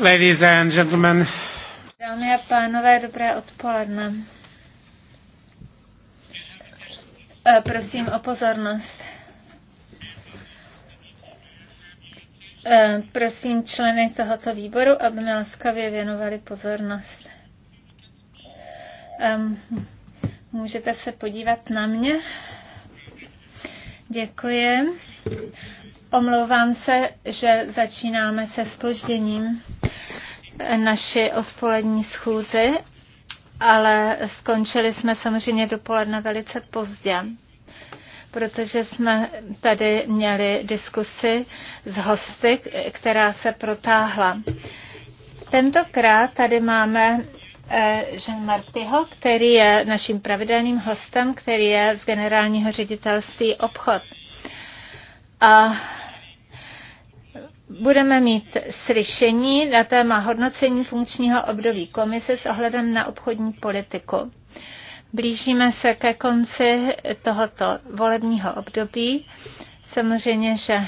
Ladies and gentlemen. Dámy a pánové, dobré odpoledne. Uh, prosím o pozornost. Uh, prosím členy tohoto výboru, aby mi laskavě věnovali pozornost. Um, můžete se podívat na mě. Děkuji. Omlouvám se, že začínáme se spožděním naši odpolední schůzi, ale skončili jsme samozřejmě dopoledne velice pozdě, protože jsme tady měli diskusi s hosty, která se protáhla. Tentokrát tady máme eh, Jean Martyho, který je naším pravidelným hostem, který je z generálního ředitelství obchod. A budeme mít slyšení na téma hodnocení funkčního období komise s ohledem na obchodní politiku. Blížíme se ke konci tohoto volebního období. Samozřejmě, že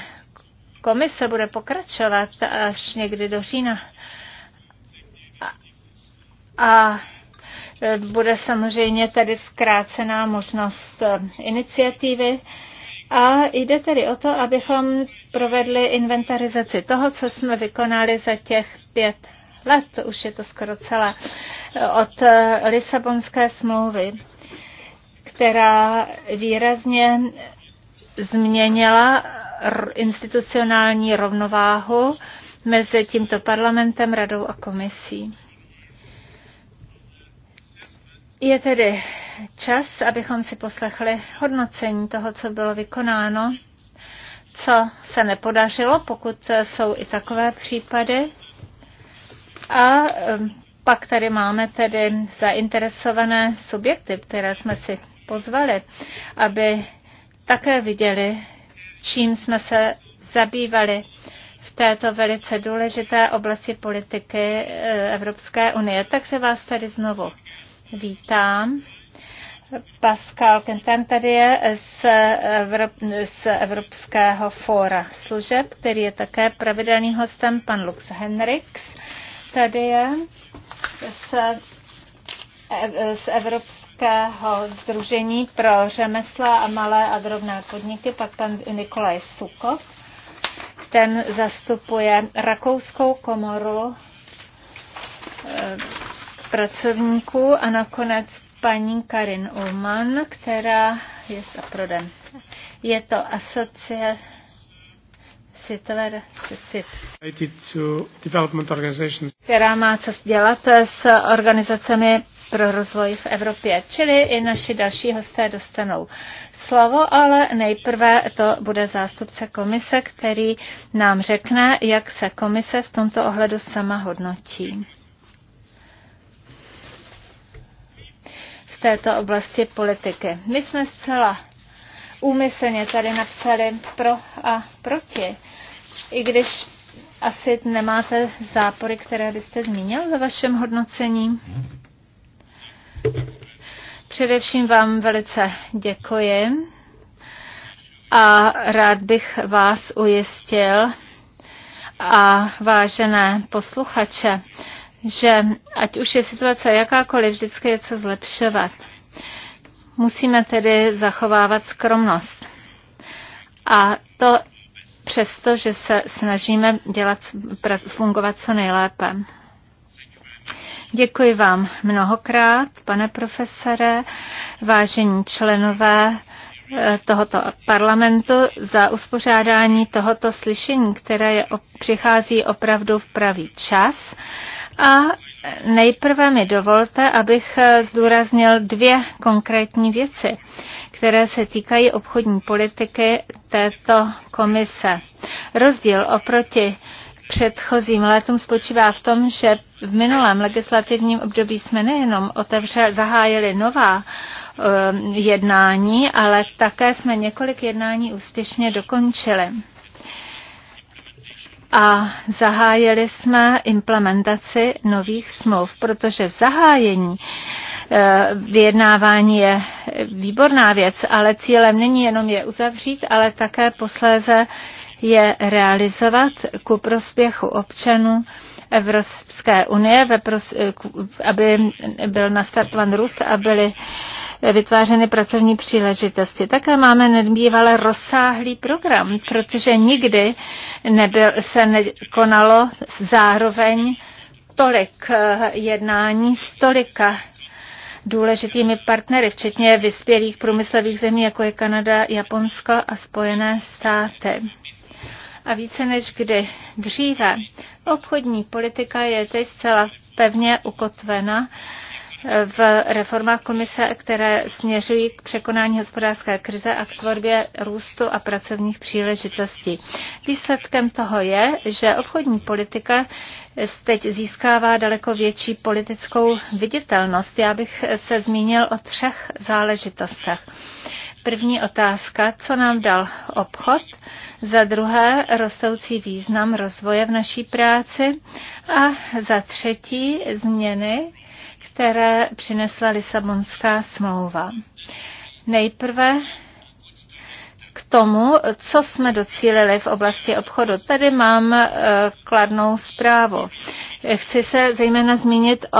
komise bude pokračovat až někdy do října. A, bude samozřejmě tady zkrácená možnost iniciativy a jde tedy o to, abychom provedli inventarizaci toho, co jsme vykonali za těch pět let, už je to skoro celé, od eh, Lisabonské smlouvy, která výrazně změnila institucionální rovnováhu mezi tímto parlamentem, radou a komisí. Je tedy čas, abychom si poslechli hodnocení toho, co bylo vykonáno, co se nepodařilo, pokud jsou i takové případy. A pak tady máme tedy zainteresované subjekty, které jsme si pozvali, aby také viděli, čím jsme se zabývali v této velice důležité oblasti politiky eh, Evropské unie. Takže vás tady znovu vítám. Pascal Kentem tady je z, Evrop- z Evropského fóra služeb, který je také pravidelným hostem, pan Lux Henrix tady je z, z Evropského združení pro řemesla a malé a drobné podniky, pak pan Nikolaj Sukov, ten zastupuje Rakouskou komoru eh, pracovníků a nakonec paní Karin Ullman, která je za prodem. Je to asociace která má co dělat s organizacemi pro rozvoj v Evropě. Čili i naši další hosté dostanou slovo, ale nejprve to bude zástupce komise, který nám řekne, jak se komise v tomto ohledu sama hodnotí. této oblasti politiky. My jsme zcela úmyslně tady napsali pro a proti, i když asi nemáte zápory, které byste zmínil ve vašem hodnocení. Především vám velice děkuji a rád bych vás ujistil a vážené posluchače, že ať už je situace jakákoliv, vždycky je co zlepšovat. Musíme tedy zachovávat skromnost. A to přesto, že se snažíme dělat, fungovat co nejlépe. Děkuji vám mnohokrát, pane profesore, vážení členové eh, tohoto parlamentu za uspořádání tohoto slyšení, které je, přichází opravdu v pravý čas. A nejprve mi dovolte, abych zdůraznil dvě konkrétní věci, které se týkají obchodní politiky této komise. Rozdíl oproti předchozím letům spočívá v tom, že v minulém legislativním období jsme nejenom otevřeli, zahájili nová eh, jednání, ale také jsme několik jednání úspěšně dokončili a zahájili jsme implementaci nových smluv, protože zahájení eh, vyjednávání je výborná věc, ale cílem není jenom je uzavřít, ale také posléze je realizovat ku prospěchu občanů Evropské unie, aby byl nastartovan růst a byly vytvářeny pracovní příležitosti. Také máme nedbývalé rozsáhlý program, protože nikdy nebyl, se nekonalo zároveň tolik eh, jednání s tolika důležitými partnery, včetně vyspělých průmyslových zemí, jako je Kanada, Japonsko a Spojené státy a více než kdy dříve. Obchodní politika je teď zcela pevně ukotvena v reformách komise, které směřují k překonání hospodářské krize a k tvorbě růstu a pracovních příležitostí. Výsledkem toho je, že obchodní politika teď získává daleko větší politickou viditelnost. Já bych se zmínil o třech záležitostech. První otázka, co nám dal obchod? za druhé rostoucí význam rozvoje v naší práci a za třetí změny, které přinesla Lisabonská smlouva. Nejprve k tomu, co jsme docílili v oblasti obchodu. Tady mám e, kladnou zprávu. Chci se zejména zmínit o,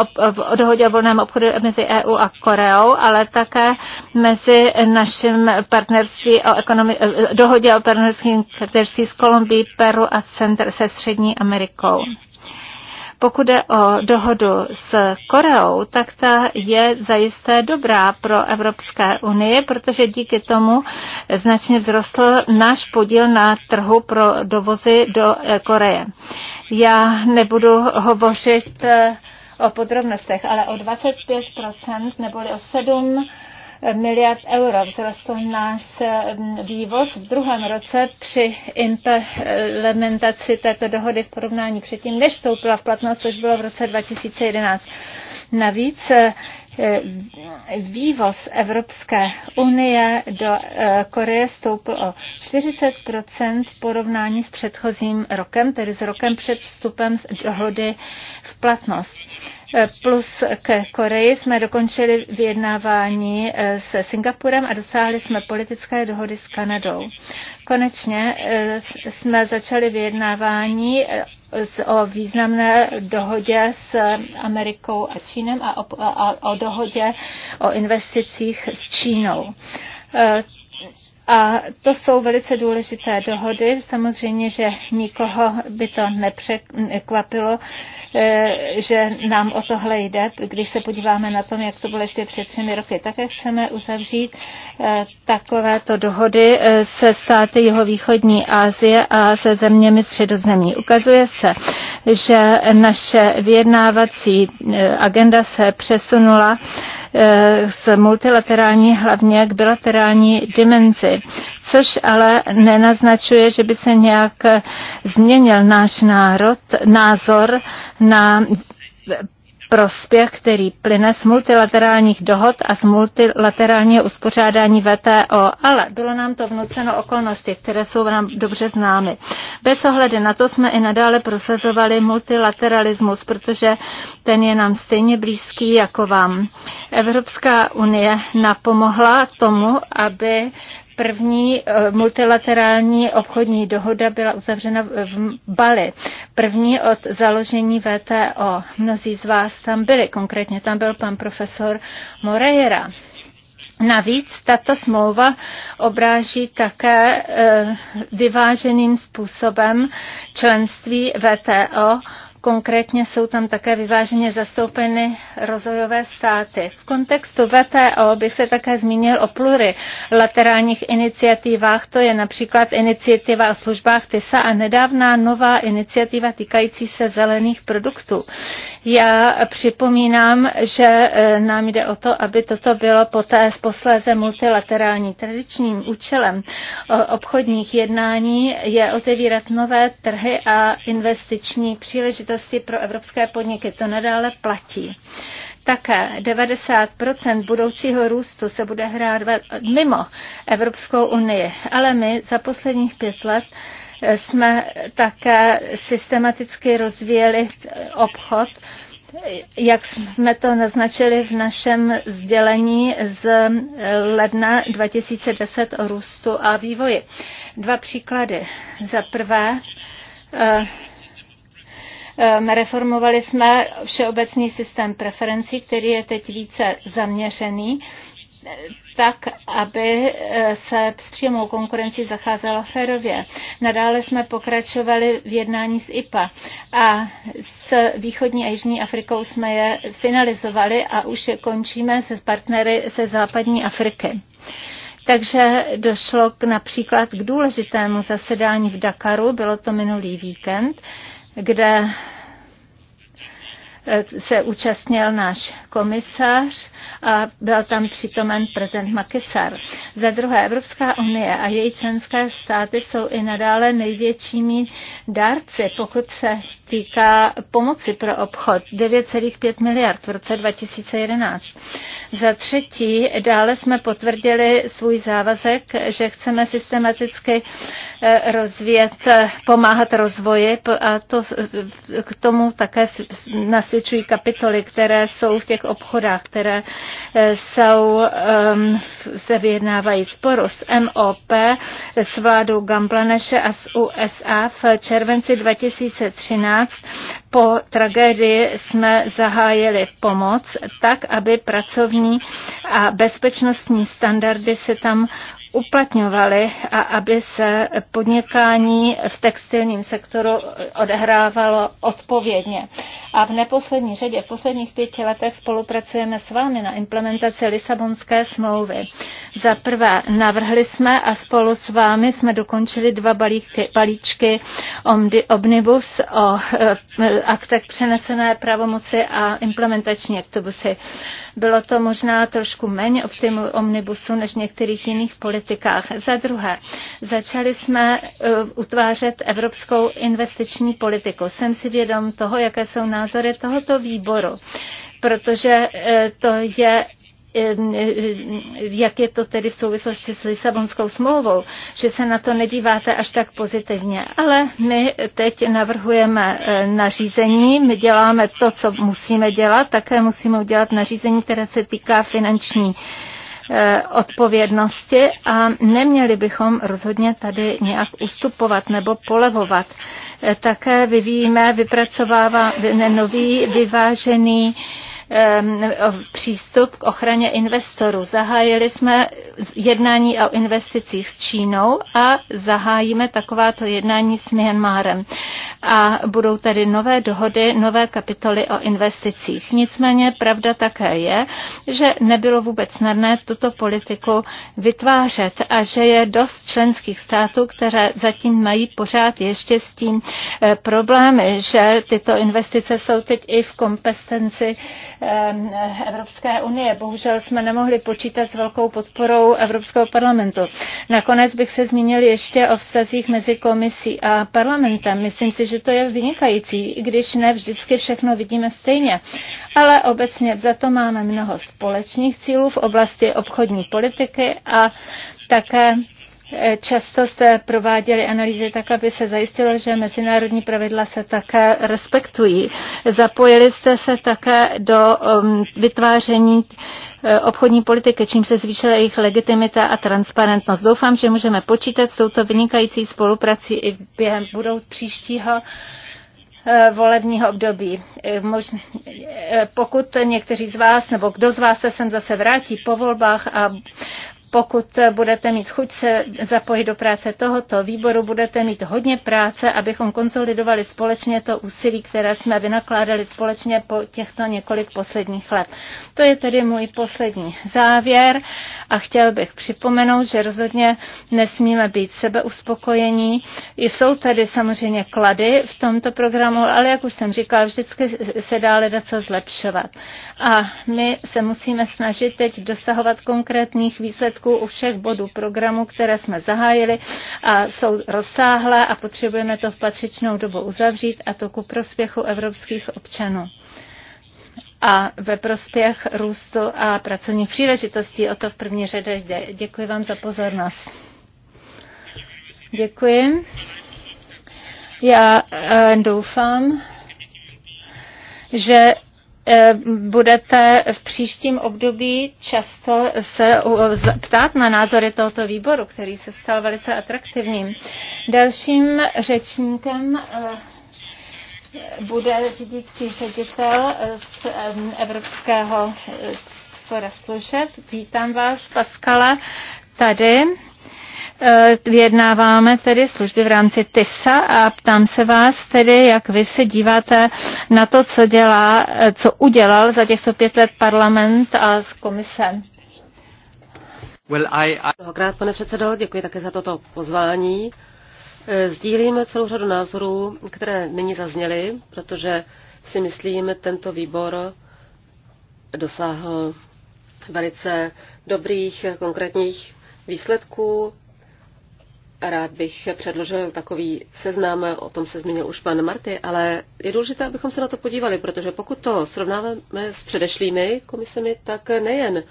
o, o dohodě o volném obchodu mezi EU a Koreou, ale také mezi naším partnerství o ekonomi- e, dohodě o partnerství, partnerství s Kolumbií, Peru a centr se Střední Amerikou. Pokud jde o dohodu s Koreou, tak ta je zajisté dobrá pro Evropské unii, protože díky tomu značně vzrostl náš podíl na trhu pro dovozy do eh, Koreje. Já nebudu hovořit eh, o podrobnostech, ale o 25% neboli o 7 miliard euro. Vzrostl náš vývoz v druhém roce při implementaci této dohody v porovnání předtím, než vstoupila v platnost, což bylo v roce 2011. Navíc eh, vývoz Evropské unie do eh, Koreje stoupl o 40 v porovnání s předchozím rokem, tedy s rokem před vstupem z dohody v platnost plus ke Koreji jsme dokončili vyjednávání eh, se Singapurem a dosáhli jsme politické dohody s Kanadou. Konečně eh, jsme začali vyjednávání eh, o významné dohodě s Amerikou a Čínem a o, a o dohodě o investicích s Čínou. A to jsou velice důležité dohody. Samozřejmě, že nikoho by to nepřekvapilo, Eh, že nám o tohle jde, když se podíváme na tom, jak to bylo ještě před třemi roky. Také chceme uzavřít eh, takovéto dohody eh, se státy jihovýchodní Asie a se zeměmi středozemí. Ukazuje se, že naše vyjednávací agenda se přesunula z eh, multilaterální hlavně k bilaterální dimenzi, což ale nenaznačuje, že by se nějak změnil náš národ, názor na prospěch, který plyne z multilaterálních dohod a z multilaterálního uspořádání VTO, ale bylo nám to vnuceno okolnosti, které jsou nám dobře známy. Bez ohledu na to jsme i nadále prosazovali multilateralismus, protože ten je nám stejně blízký jako vám. Evropská unie napomohla tomu, aby První eh, multilaterální obchodní dohoda byla uzavřena v Bali. První od založení VTO. Mnozí z vás tam byli, konkrétně tam byl pan profesor Moreira. Navíc tato smlouva obráží také eh, vyváženým způsobem členství VTO Konkrétně jsou tam také vyváženě zastoupeny rozvojové státy. V kontextu VTO bych se také zmínil o plurilaterálních iniciativách, to je například iniciativa o službách TISA a nedávná nová iniciativa týkající se zelených produktů. Já připomínám, že eh, nám jde o to, aby toto bylo poté posléze multilaterální. Tradičním účelem obchodních jednání je otevírat nové trhy a investiční příležitosti pro evropské podniky. To nadále platí. Také 90 budoucího růstu se bude hrát mimo Evropskou unii, ale my za posledních pět let jsme také systematicky rozvíjeli obchod jak jsme to naznačili v našem sdělení z ledna 2010 o růstu a vývoji. Dva příklady. Za prvé, eh, eh, reformovali jsme všeobecný systém preferencí, který je teď více zaměřený tak, aby eh, se s přímou konkurencí zacházelo férově. Nadále jsme pokračovali v jednání s IPA a s východní a jižní Afrikou jsme je finalizovali a už je končíme se s partnery se západní Afriky. Takže došlo k například k důležitému zasedání v Dakaru, bylo to minulý víkend, kde Eh, se účastnil náš komisař a byl tam přítomen prezident Makisar. Za druhé, Evropská unie a její členské státy jsou i nadále největšími dárci, pokud se týká pomoci pro obchod 9,5 miliard v roce 2011. Za třetí, dále jsme potvrdili svůj závazek, že chceme systematicky eh, rozvíjet, eh, pomáhat rozvoji a to, k tomu také nas obsvědčují kapitoly, které jsou v těch obchodách, které eh, jsou, ehm, se vyjednávají sporu s MOP, s vládou Gamblaneše a s USA v červenci 2013 po tragédii jsme zahájili pomoc tak, aby pracovní a bezpečnostní standardy se tam uplatňovaly a aby se podnikání v textilním sektoru odehrávalo odpovědně. A v neposlední řadě, v posledních pěti letech spolupracujeme s vámi na implementaci Lisabonské smlouvy. Za prvé navrhli jsme a spolu s vámi jsme dokončili dva balíky, balíčky Omnibus o e, aktech přenesené pravomoci a implementační aktobusy. Bylo to možná trošku méně optimu omnibusu než v některých jiných politikách. Za druhé, začali jsme eh, utvářet evropskou investiční politiku. Jsem si vědom toho, jaké jsou názory tohoto výboru protože eh, to je Eh, eh, eh, jak je to tedy v souvislosti s Lisabonskou smlouvou, že se na to nedíváte až tak pozitivně. Ale my teď navrhujeme nařízení, my děláme to, co musíme dělat, také musíme udělat nařízení, které se týká finanční odpovědnosti a neměli bychom rozhodně tady nějak ustupovat nebo polevovat. Také vyvíjíme, vypracovává nový vyvážený Ehm, přístup k ochraně investorů. Zahájili jsme jednání o investicích s Čínou a zahájíme takováto jednání s Myanmarem. A budou tady nové dohody, nové kapitoly o investicích. Nicméně pravda také je, že nebylo vůbec snadné tuto politiku vytvářet a že je dost členských států, které zatím mají pořád ještě s tím eh, problémy, že tyto investice jsou teď i v kompetenci Evropské unie. Bohužel jsme nemohli počítat s velkou podporou Evropského parlamentu. Nakonec bych se zmínil ještě o vztazích mezi komisí a parlamentem. Myslím si, že to je vynikající, i když ne vždycky všechno vidíme stejně. Ale obecně za to máme mnoho společných cílů v oblasti obchodní politiky a také Často se prováděly analýzy tak, aby se zajistilo, že mezinárodní pravidla se také respektují. Zapojili jste se také do um, vytváření eh, obchodní politiky, čím se zvýšila jejich legitimita a transparentnost. Doufám, že můžeme počítat s touto vynikající spoluprací i během budou příštího eh, volebního období. Eh, pokud někteří z vás, nebo kdo z vás se sem zase vrátí po volbách a pokud budete mít chuť se zapojit do práce tohoto výboru, budete mít hodně práce, abychom konsolidovali společně to úsilí, které jsme vynakládali společně po těchto několik posledních let. To je tedy můj poslední závěr a chtěl bych připomenout, že rozhodně nesmíme být sebeuspokojení. Jsou tady samozřejmě klady v tomto programu, ale jak už jsem říkal, vždycky se dá hledat co zlepšovat. A my se musíme snažit teď dosahovat konkrétních výsledků výsledků u všech bodů programu, které jsme zahájili a jsou rozsáhlé a potřebujeme to v patřičnou dobu uzavřít a to ku prospěchu evropských občanů a ve prospěch růstu a pracovních příležitostí. O to v první řadě jde. Děkuji vám za pozornost. Děkuji. Já eh, doufám, že Eh, budete v příštím období často se ptát na názory tohoto výboru, který se stal velice atraktivním. Dalším řečníkem eh, bude řídící ředitel eh, z Evropského fora služeb. Vítám vás, Paskala, tady. Eh, vyjednáváme tedy služby v rámci TISA a ptám se vás tedy, jak vy se díváte na to, co dělá, eh, co udělal za těchto pět let parlament a komise. Mnohokrát, pane předsedo, děkuji také za toto pozvání. Eh, Sdílíme celou řadu názorů, které nyní zazněly, protože si myslím, tento výbor dosáhl velice dobrých, konkrétních výsledků Rád bych předložil takový seznam, o tom se zmínil už pan Marty, ale je důležité, abychom se na to podívali, protože pokud to srovnáváme s předešlými komisemi, tak nejen,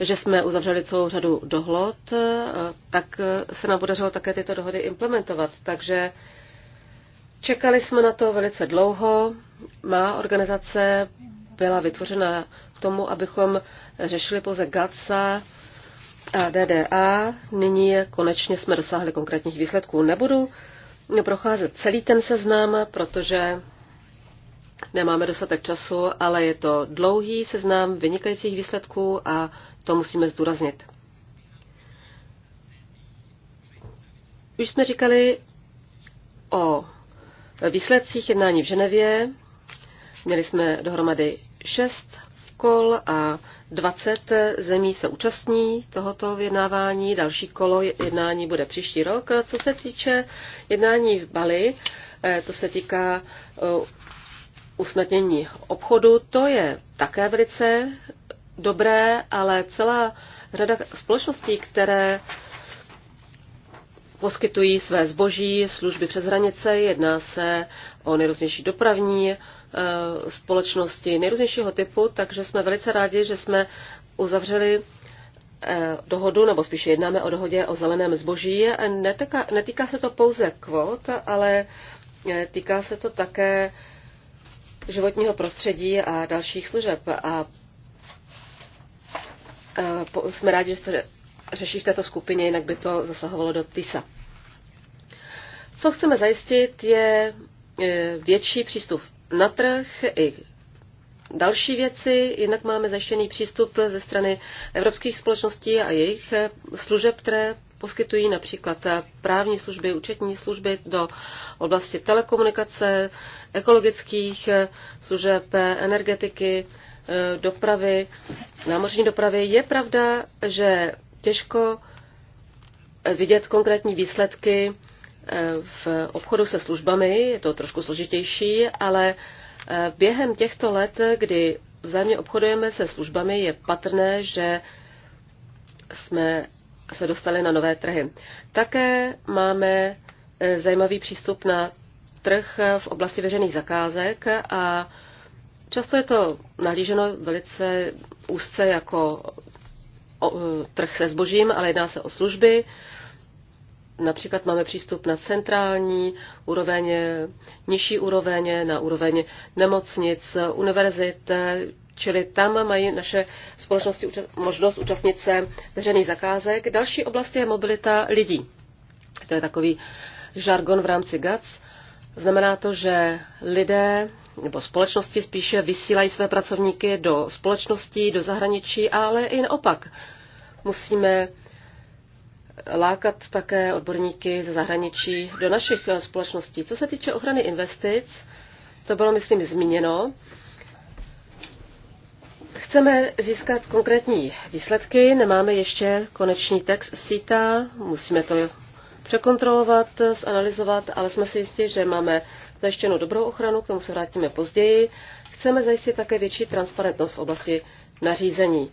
že jsme uzavřeli celou řadu dohod, tak se nám podařilo také tyto dohody implementovat. Takže čekali jsme na to velice dlouho. Má organizace byla vytvořena k tomu, abychom řešili pouze GATSA, a DDA. Nyní konečně jsme dosáhli konkrétních výsledků. Nebudu procházet celý ten seznam, protože nemáme dostatek času, ale je to dlouhý seznam vynikajících výsledků a to musíme zdůraznit. Už jsme říkali o výsledcích jednání v Ženevě. Měli jsme dohromady šest kol a 20 zemí se účastní tohoto vyjednávání, další kolo jednání bude příští rok. Co se týče jednání v Bali, eh, to se týká eh, usnadnění obchodu, to je také velice dobré, ale celá řada společností, které poskytují své zboží, služby přes hranice, jedná se o nejrůznější dopravní eh, společnosti nejrůznějšího typu, takže jsme velice rádi, že jsme uzavřeli eh, dohodu, nebo spíše jednáme o dohodě o zeleném zboží. Netýká, netýká se to pouze kvot, ale eh, týká se to také životního prostředí a dalších služeb. A jsme rádi, že jste řeší v této skupině, jinak by to zasahovalo do TISA. Co chceme zajistit, je větší přístup na trh i další věci. Jednak máme zajištěný přístup ze strany evropských společností a jejich služeb, které poskytují například právní služby, účetní služby do oblasti telekomunikace, ekologických služeb, energetiky, dopravy, námořní dopravy. Je pravda, že těžko eh, vidět konkrétní výsledky eh, v obchodu se službami, je to trošku složitější, ale eh, během těchto let, kdy vzájemně obchodujeme se službami, je patrné, že jsme se dostali na nové trhy. Také máme zajímavý přístup na trh v oblasti veřejných zakázek a často je to nahlíženo velice úzce jako o e, trh se zbožím, ale jedná se o služby. Například máme přístup na centrální úroveň, nižší úroveň, na úroveň nemocnic, univerzit, čili tam mají naše společnosti možnost účastnit se veřejných zakázek. Další oblast je mobilita lidí. To je takový žargon v rámci GATS. Znamená to, že lidé nebo společnosti spíše vysílají své pracovníky do společností, do zahraničí, ale i naopak. Musíme lákat také odborníky ze zahraničí do našich eh, společností. Co se týče ochrany investic, to bylo, myslím, zmíněno. Chceme získat konkrétní výsledky, nemáme ještě konečný text síta, musíme to překontrolovat, zanalizovat, ale jsme si jistí, že máme zajištěnou dobrou ochranu, k tomu se vrátíme později. Chceme zajistit také větší transparentnost v oblasti nařízení.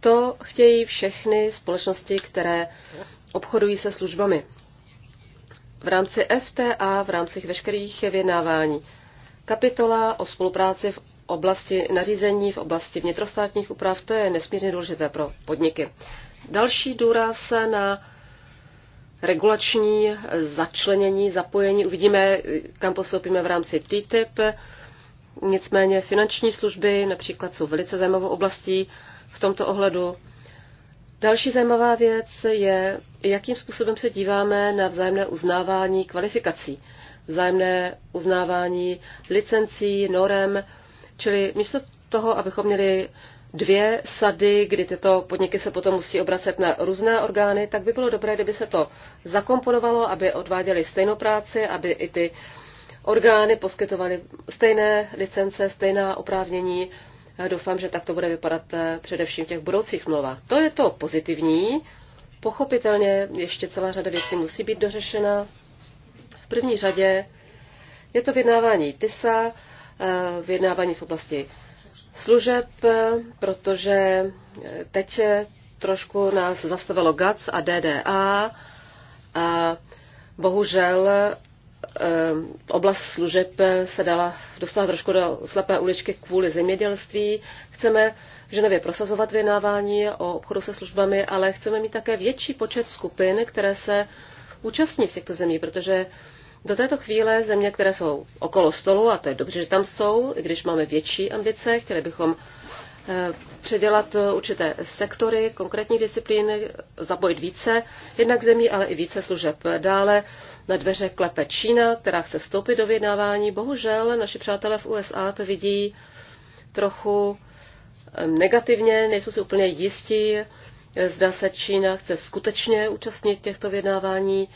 To chtějí všechny společnosti, které obchodují se službami. V rámci FTA, v rámci veškerých vyjednávání, kapitola o spolupráci v oblasti nařízení, v oblasti vnitrostátních úprav, to je nesmírně důležité pro podniky. Další důraz na regulační začlenění, zapojení. Uvidíme, kam postoupíme v rámci TTIP. Nicméně finanční služby například jsou velice zajímavou oblastí v tomto ohledu. Další zajímavá věc je, jakým způsobem se díváme na vzájemné uznávání kvalifikací, vzájemné uznávání licencí, norem, čili místo toho, abychom měli dvě sady, kdy tyto podniky se potom musí obracet na různé orgány, tak by bylo dobré, kdyby se to zakomponovalo, aby odváděli stejnou práci, aby i ty orgány poskytovaly stejné licence, stejná oprávnění. Já doufám, že tak to bude vypadat eh, především v těch budoucích smlouvách. To je to pozitivní. Pochopitelně ještě celá řada věcí musí být dořešena. V první řadě je to vyjednávání TISA, eh, vyjednávání v oblasti služeb, protože teď trošku nás zastavilo GATS a DDA a bohužel eh, oblast služeb se dala, dostala trošku do slepé uličky kvůli zemědělství. Chceme v Ženevě prosazovat vyjednávání o obchodu se službami, ale chceme mít také větší počet skupin, které se účastní z těchto zemí, protože do této chvíle země, které jsou okolo stolu, a to je dobře, že tam jsou, i když máme větší ambice, chtěli bychom eh, předělat eh, určité sektory, konkrétní disciplíny, zapojit více jednak zemí, ale i více služeb. Dále na dveře klepe Čína, která chce vstoupit do vyjednávání. Bohužel naši přátelé v USA to vidí trochu eh, negativně, nejsou si úplně jistí, zda se Čína chce skutečně účastnit těchto vyjednávání,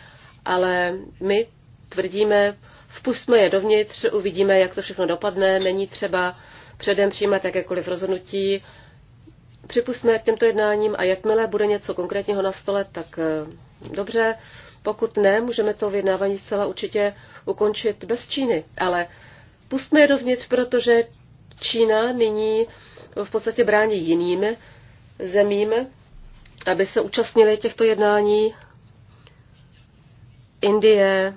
ale my tvrdíme, vpustme je dovnitř, uvidíme, jak to všechno dopadne, není třeba předem přijímat jakékoliv rozhodnutí. Připustme k těmto jednáním a jakmile bude něco konkrétního na stole, tak eh, dobře. Pokud ne, můžeme to vyjednávání zcela určitě ukončit bez Číny. Ale pustme je dovnitř, protože Čína nyní v podstatě brání jiným zemím, aby se účastnili těchto jednání. Indie,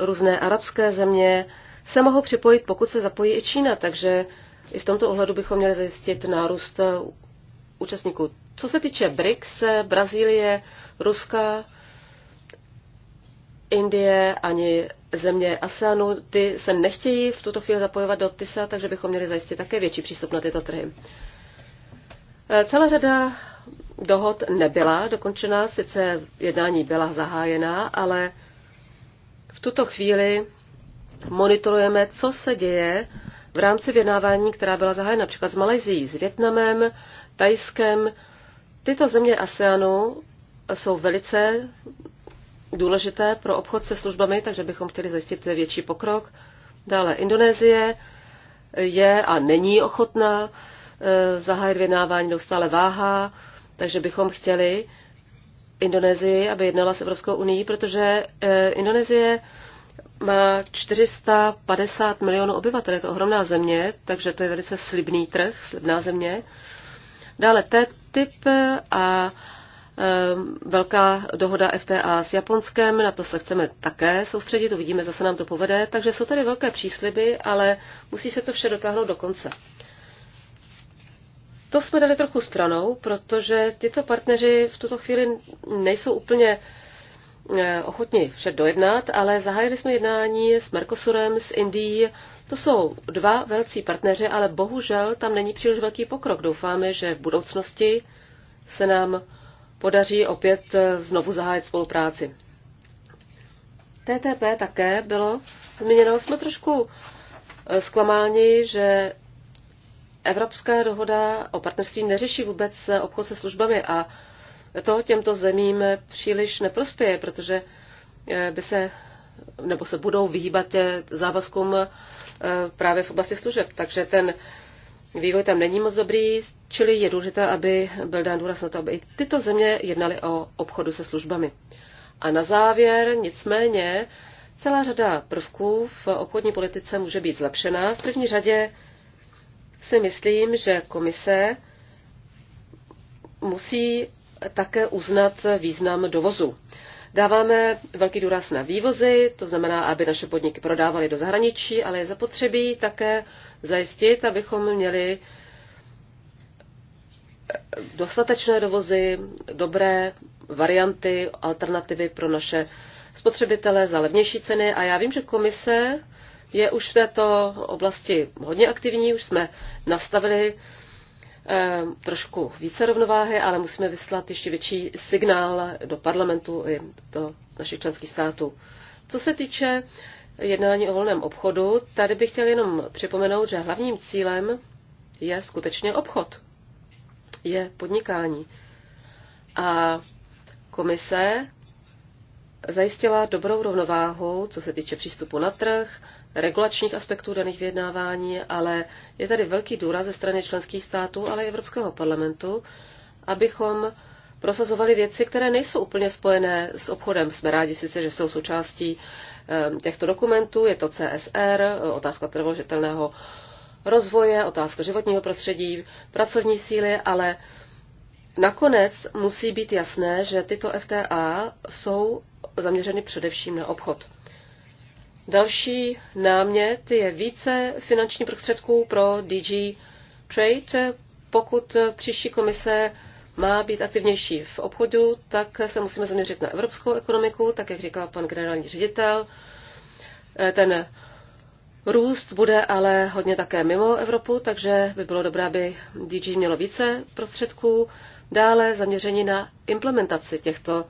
různé arabské země se mohou připojit, pokud se zapojí i Čína, takže i v tomto ohledu bychom měli zajistit nárůst eh, účastníků. Co se týče BRICS, Brazílie, Ruska, Indie ani země ASEANu, ty se nechtějí v tuto chvíli zapojovat do TISA, takže bychom měli zajistit také větší přístup na tyto trhy. Eh, celá řada dohod nebyla dokončena, sice jednání byla zahájena, ale v tuto chvíli monitorujeme, co se děje v rámci vědnávání, která byla zahájena například s Malezií, s Větnamem, Tajskem. Tyto země ASEANu jsou velice důležité pro obchod se službami, takže bychom chtěli zajistit větší pokrok. Dále Indonésie je a není ochotná eh, zahájit vědnávání, neustále váha, takže bychom chtěli Indonésii, aby jednala s Evropskou unii, protože eh, Indonésie má 450 milionů obyvatel, je to ohromná země, takže to je velice slibný trh, slibná země. Dále TTIP eh, a eh, velká dohoda FTA s Japonskem, na to se chceme také soustředit, uvidíme, zase nám to povede. Takže jsou tady velké přísliby, ale musí se to vše dotáhnout do konce. To jsme dali trochu stranou, protože tyto partneři v tuto chvíli nejsou úplně eh, ochotni vše dojednat, ale zahájili jsme jednání s Mercosurem, s Indií. To jsou dva velcí partneři, ale bohužel tam není příliš velký pokrok. Doufáme, že v budoucnosti se nám podaří opět eh, znovu zahájit spolupráci. TTP také bylo zmíněno. Jsme trošku eh, zklamáni, že Evropská dohoda o partnerství neřeší vůbec obchod se službami a to těmto zemím příliš neprospěje, protože eh, by se nebo se budou vyhýbat eh, závazkům eh, právě v oblasti služeb. Takže ten vývoj tam není moc dobrý, čili je důležité, aby byl dán důraz na to, aby i tyto země jednaly o obchodu se službami. A na závěr nicméně celá řada prvků v obchodní politice může být zlepšena. V první řadě si myslím, že komise musí také uznat význam dovozu. Dáváme velký důraz na vývozy, to znamená, aby naše podniky prodávaly do zahraničí, ale je zapotřebí také zajistit, abychom měli dostatečné dovozy, dobré varianty, alternativy pro naše spotřebitele za levnější ceny. A já vím, že komise je už v této oblasti hodně aktivní, už jsme nastavili eh, trošku více rovnováhy, ale musíme vyslat ještě větší signál do parlamentu i do našich členských států. Co se týče jednání o volném obchodu, tady bych chtěl jenom připomenout, že hlavním cílem je skutečně obchod, je podnikání. A komise zajistila dobrou rovnováhu, co se týče přístupu na trh, regulačních aspektů daných vyjednávání, ale je tady velký důraz ze strany členských států, ale i Evropského parlamentu, abychom prosazovali věci, které nejsou úplně spojené s obchodem. Jsme rádi sice, že jsou součástí ehm, těchto dokumentů, je to CSR, otázka trvožitelného rozvoje, otázka životního prostředí, pracovní síly, ale Nakonec musí být jasné, že tyto FTA jsou zaměřeny především na obchod. Další námět je více finančních prostředků pro DG Trade. Pokud příští komise má být aktivnější v obchodu, tak se musíme zaměřit na evropskou ekonomiku, tak jak říkal pan generální ředitel. Ten růst bude ale hodně také mimo Evropu, takže by bylo dobré, aby DG mělo více prostředků. Dále zaměření na implementaci těchto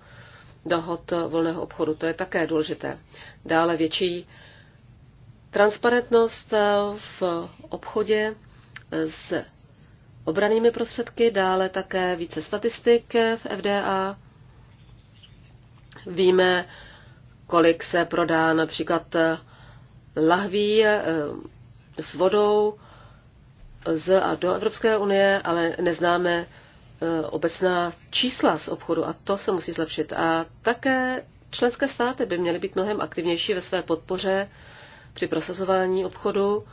dohod volného obchodu, to je také důležité. Dále větší transparentnost v obchodě s obranými prostředky, dále také více statistik v FDA. Víme, kolik se prodá například lahví eh, s vodou z a do Evropské unie, ale neznáme Eh, obecná čísla z obchodu a to se musí zlepšit. A také členské státy by měly být mnohem aktivnější ve své podpoře při prosazování obchodu,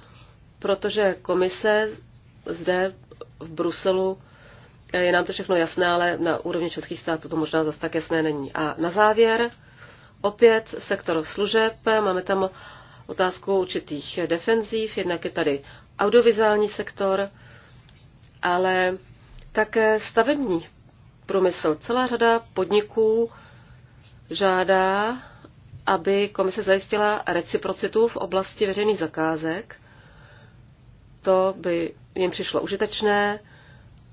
protože komise zde v Bruselu eh, je nám to všechno jasné, ale na úrovni českých států to možná zase tak jasné není. A na závěr opět sektor služeb. Máme tam otázku určitých defenzív, jednak je tady audiovizuální sektor, ale také stavební průmysl. Celá řada podniků žádá, aby komise zajistila reciprocitu v oblasti veřejných zakázek. To by jim přišlo užitečné,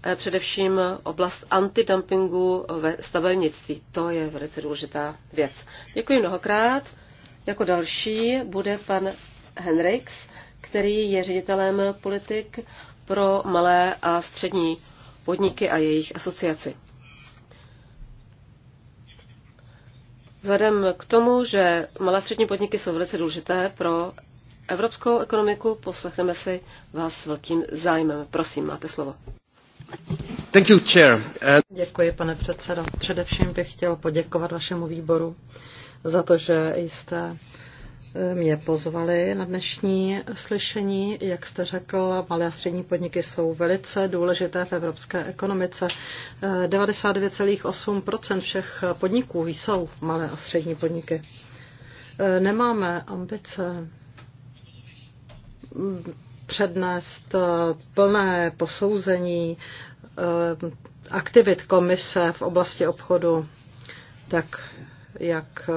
eh, především oblast antidumpingu ve stavebnictví. To je velice důležitá věc. Děkuji mnohokrát. Jako další bude pan Henriks, který je ředitelem politik pro malé a střední podniky a jejich asociaci. Vzhledem k tomu, že malé střední podniky jsou velice důležité pro evropskou ekonomiku, poslechneme si vás s velkým zájmem. Prosím, máte slovo. Thank you, chair. Děkuji, pane předsedo. Především bych chtěl poděkovat vašemu výboru za to, že jste mě pozvali na dnešní slyšení. Jak jste řekl, malé a střední podniky jsou velice důležité v evropské ekonomice. 99,8 eh, všech podniků jsou malé a střední podniky. Eh, nemáme ambice mm, přednést eh, plné posouzení aktivit komise v oblasti obchodu, tak jak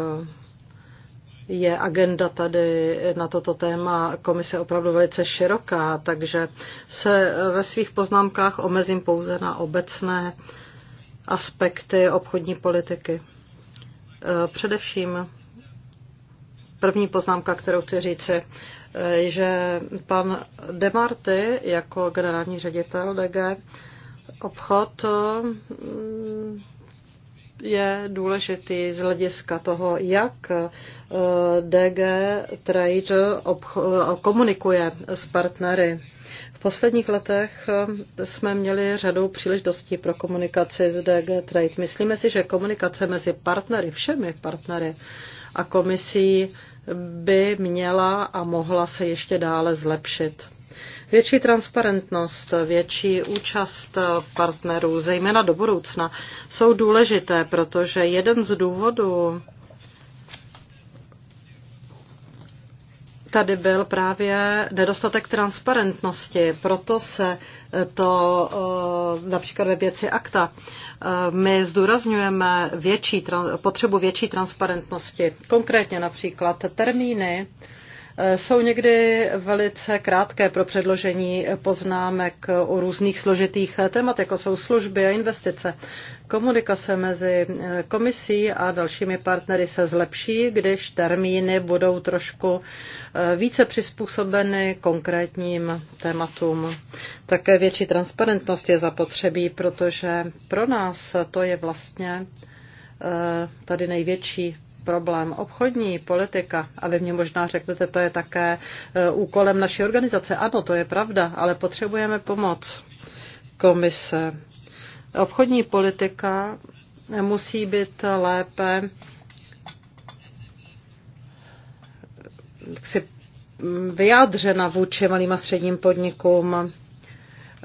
je agenda tady na toto téma komise opravdu velice široká, takže se ve svých poznámkách omezím pouze na obecné aspekty obchodní politiky. Eh, především první poznámka, kterou chci říci, eh, že pan Demarty jako generální ředitel DG obchod mm, je důležitý z hlediska toho, jak eh, DG Trade komunikuje s partnery. V posledních letech eh, jsme měli řadu příležitostí pro komunikaci s DG Trade. Myslíme si, že komunikace mezi partnery, všemi partnery a komisí by měla a mohla se ještě dále zlepšit. Větší transparentnost, větší účast partnerů, zejména do budoucna, jsou důležité, protože jeden z důvodů tady byl právě nedostatek transparentnosti. Proto se to eh, například ve věci akta. Eh, my zdůrazňujeme větší, potřebu větší transparentnosti. Konkrétně například termíny jsou někdy velice krátké pro předložení poznámek o různých složitých témat, jako jsou služby a investice. Komunikace mezi komisí a dalšími partnery se zlepší, když termíny budou trošku eh, více přizpůsobeny konkrétním tématům. Také větší transparentnost je zapotřebí, protože pro nás to je vlastně eh, tady největší problém. Obchodní politika, a vy mě možná řeknete, to je také e, úkolem naší organizace. Ano, to je pravda, ale potřebujeme pomoc komise. Obchodní politika musí být lépe si vyjádřena vůči malým a středním podnikům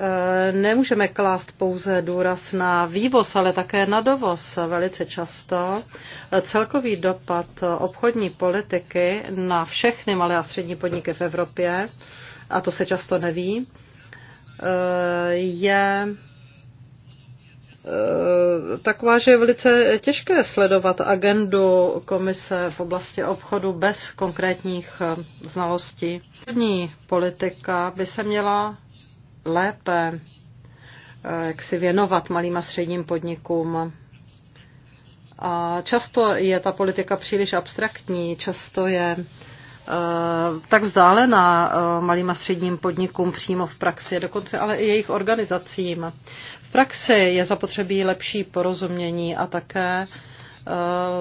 Eh, nemůžeme klást pouze důraz na vývoz, ale také na dovoz. Velice často eh, celkový dopad obchodní politiky na všechny malé a střední podniky v Evropě, a to se často neví, eh, je taková, že je velice těžké sledovat agendu komise v oblasti obchodu bez konkrétních znalostí. Obchodní politika by se měla lépe eh, jak si věnovat malým a středním podnikům. A často je ta politika příliš abstraktní, často je eh, tak vzdálená eh, malým a středním podnikům přímo v praxi, dokonce ale i jejich organizacím. V praxi je zapotřebí lepší porozumění a také uh,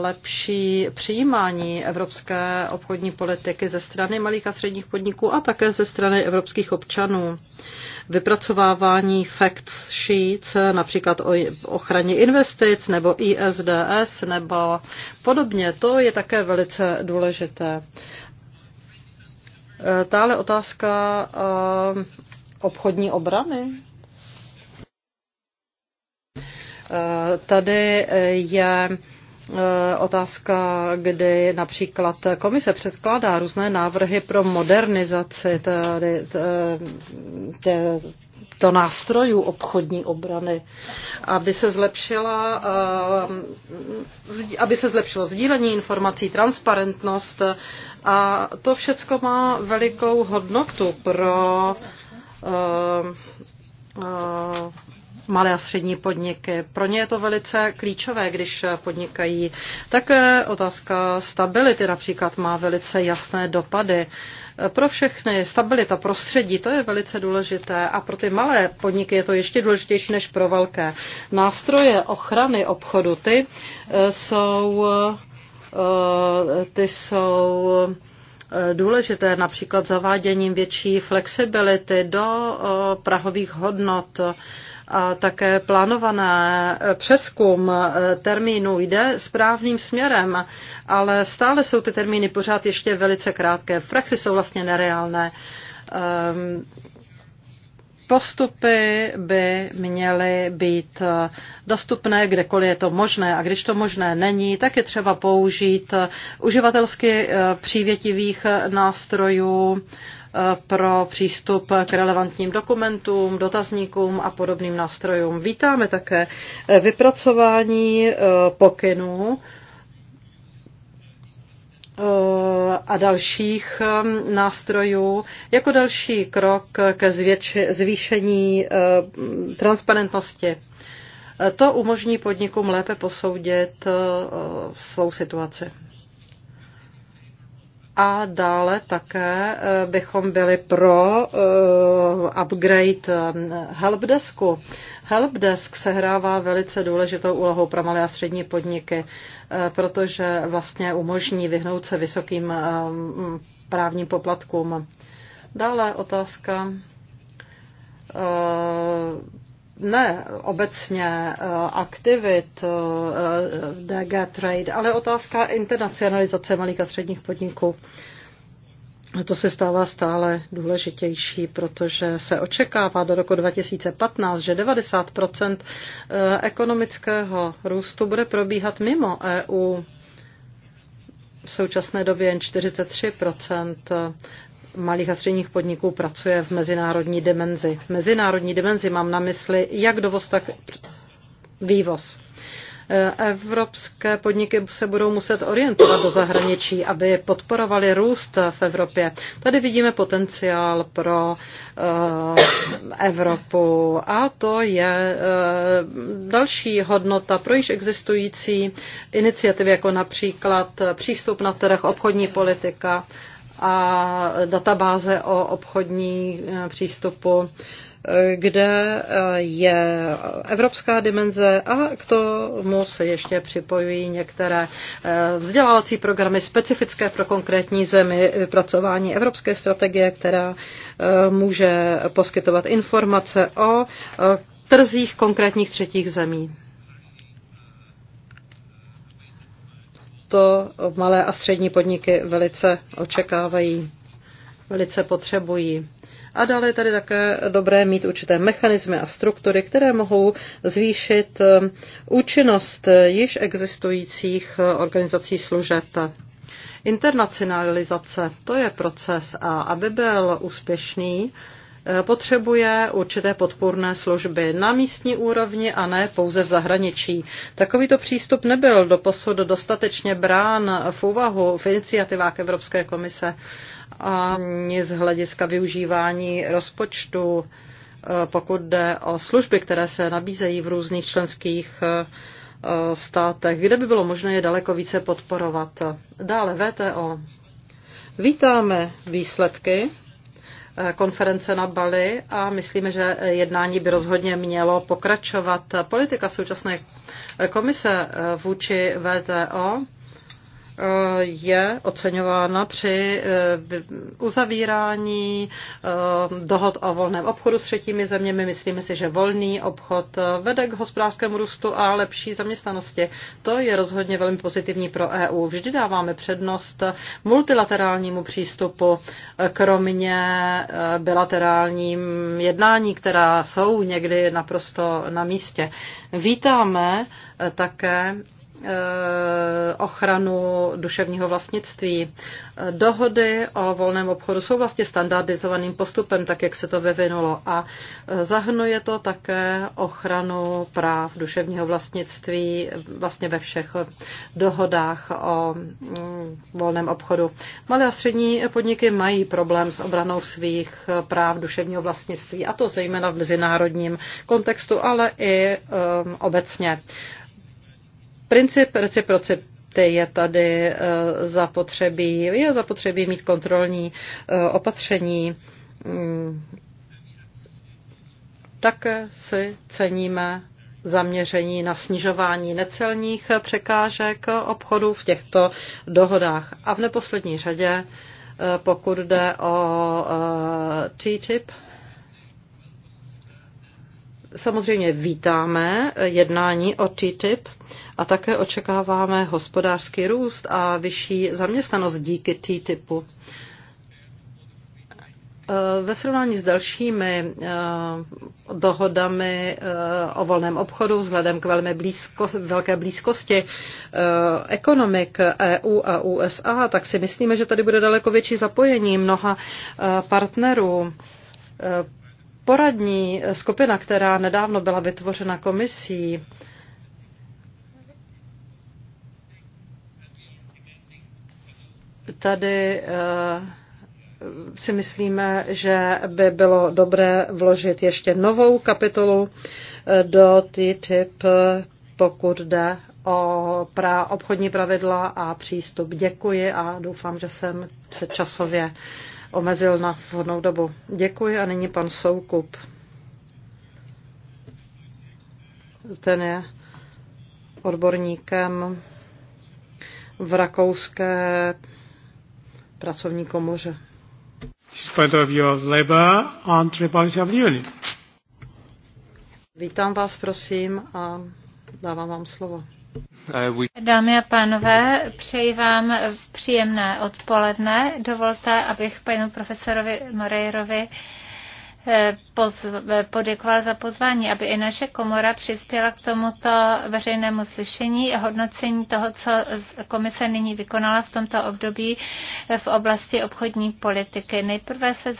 lepší přijímání evropské obchodní politiky ze strany malých a středních podniků a také ze strany evropských občanů. Vypracovávání fact sheets, například o ochraně investic nebo ISDS nebo podobně, to je také velice důležité. Dále otázka eh, obchodní obrany. Eh, tady je Eh, otázka, kdy například komise předkládá různé návrhy pro modernizaci tady, eh, té, to nástrojů obchodní obrany, aby se, zlepšila, eh, aby se zlepšilo sdílení informací, transparentnost a to všecko má velikou hodnotu pro malé a střední podniky. Pro ně je to velice klíčové, když podnikají. Také otázka stability například má velice jasné dopady. Pro všechny stabilita prostředí, to je velice důležité a pro ty malé podniky je to ještě důležitější než pro velké. Nástroje ochrany obchodu, ty eh, jsou, eh, ty jsou eh, důležité například zaváděním větší flexibility do prahových hodnot a také plánované eh, přeskum eh, termínu jde správným směrem, ale stále jsou ty termíny pořád ještě velice krátké. V praxi jsou vlastně nereálné. Ehm, postupy by měly být eh, dostupné kdekoliv je to možné a když to možné není, tak je třeba použít uživatelsky přívětivých nástrojů, pro přístup k relevantním dokumentům, dotazníkům a podobným nástrojům. Vítáme také vypracování eh, pokynů eh, a dalších eh, nástrojů jako další krok ke zvýšení transparentnosti. To umožní podnikům lépe posoudit svou situaci. A dále také eh, bychom byli pro eh, upgrade eh, helpdesku. Helpdesk sehrává velice důležitou úlohou pro malé a střední podniky, protože vlastně umožní vyhnout se vysokým právním poplatkům. Dále otázka ne obecně eh, aktivit eh, eh, DG Trade, ale otázka internacionalizace malých a středních podniků. A to se stává stále důležitější, protože se očekává do roku 2015, že 90 ekonomického růstu bude probíhat mimo EU. V současné době jen 43 malých a středních podniků pracuje v mezinárodní dimenzi. V mezinárodní dimenzi mám na mysli jak dovoz, tak vývoz. E, evropské podniky se budou muset orientovat do zahraničí, aby podporovali růst v Evropě. Tady vidíme potenciál pro e, Evropu a to je e, další hodnota pro již existující iniciativy, jako například přístup na trh, obchodní politika a databáze o obchodní eh, přístupu, eh, kde eh, je evropská dimenze a k tomu se ještě připojují některé vzdělávací programy specifické pro konkrétní zemi, vypracování evropské strategie, která může poskytovat informace o trzích konkrétních třetích zemí. to malé a střední podniky velice očekávají, velice potřebují. A dále je tady také dobré mít určité mechanismy a struktury, které mohou zvýšit eh, účinnost již existujících eh, organizací služeb. Internacionalizace, to je proces a aby byl úspěšný, Eh, potřebuje určité podpůrné služby na místní úrovni a ne pouze v zahraničí. Takovýto přístup nebyl do posud dostatečně brán v úvahu v iniciativách Evropské komise a z hlediska využívání rozpočtu, eh, pokud jde o služby, které se nabízejí v různých členských eh, státech, kde by bylo možné je daleko více podporovat. Dále VTO. Vítáme výsledky Eh, konference na Bali a myslíme, že jednání by rozhodně mělo pokračovat. Politika současné komise eh, vůči VTO Eh, je oceňována při eh, uzavírání eh, dohod o volném obchodu s třetími zeměmi. Myslíme si, že volný obchod vede k hospodářskému růstu a lepší zaměstnanosti. To je rozhodně velmi pozitivní pro EU. Vždy dáváme přednost multilaterálnímu přístupu, kromě bilaterálním jednání, která jsou někdy naprosto na místě. Vítáme také Eh, ochranu duševního vlastnictví. Dohody o volném obchodu jsou vlastně standardizovaným postupem, tak jak se to vyvinulo a eh, zahrnuje to také ochranu práv duševního vlastnictví vlastně ve všech dohodách o mm, volném obchodu. Malé a střední podniky mají problém s obranou svých práv duševního vlastnictví a to zejména v mezinárodním kontextu, ale i eh, obecně. Princip reciprocity je tady eh, zapotřebí, je zapotřebí mít kontrolní eh, opatření. Mm. Také si ceníme zaměření na snižování necelních překážek obchodu v těchto dohodách. A v neposlední řadě, eh, pokud jde o TTIP, Samozřejmě vítáme jednání o TTIP a také očekáváme hospodářský růst a vyšší zaměstnanost díky TTIPu. Eh, ve srovnání s dalšími eh, dohodami eh, o volném obchodu, vzhledem k velmi blízko, velké blízkosti ekonomik EU a USA, tak si myslíme, že tady bude daleko větší zapojení mnoha partnerů Poradní skupina, která nedávno byla vytvořena komisí, tady eh, si myslíme, že by bylo dobré vložit ještě novou kapitolu eh, do TTIP, pokud jde o pra obchodní pravidla a přístup. Děkuji a doufám, že jsem se časově omezil na vhodnou dobu. Děkuji a nyní pan Soukup. Ten je odborníkem v rakouské pracovní komoře. Vítám vás, prosím, a dávám vám slovo. Uh, Dámy a pánové, přeji vám příjemné odpoledne. Dovolte, abych panu profesorovi Moreirovi Eh, eh, poděkoval za pozvání, aby i naše komora přispěla k tomuto veřejnému slyšení a hodnocení toho, co komise nyní vykonala v tomto období eh, v oblasti obchodní politiky. Nejprve se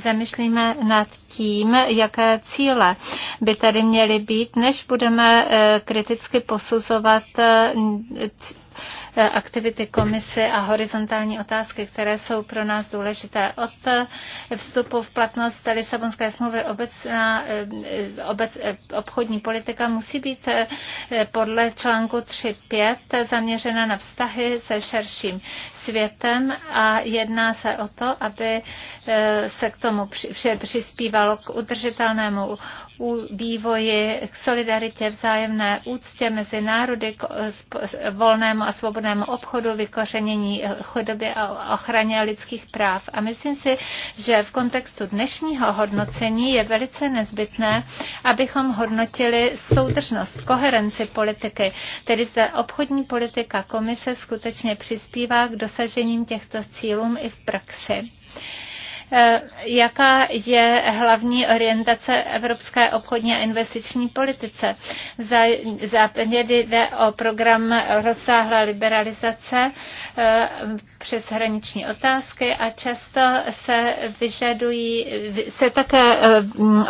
zamyslíme nad tím, jaké cíle by tady měly být, než budeme kriticky posuzovat aktivity komise a horizontální otázky, které jsou pro nás důležité. Od vstupu v platnost Lisabonské smlouvy obecná eh, obec, eh, obchodní politika musí být eh, podle článku 3.5 zaměřena na vztahy se širším světem a jedná se o to, aby se k tomu přispívalo k udržitelnému vývoji, k solidaritě, vzájemné úctě mezi národy, k volnému a svobodnému obchodu, vykořenění eh, chudoby a ochraně lidských práv. A myslím si, že v kontextu dnešního hodnocení je velice nezbytné, abychom hodnotili soudržnost, koherenci politiky, tedy zda obchodní politika komise skutečně přispívá k dosažením těchto cílům i v praxi. Eh, jaká je hlavní orientace Evropské obchodní a investiční politice. Za, za jde o program rozsáhlé liberalizace eh, přes hraniční otázky a často se vyžadují, se také eh,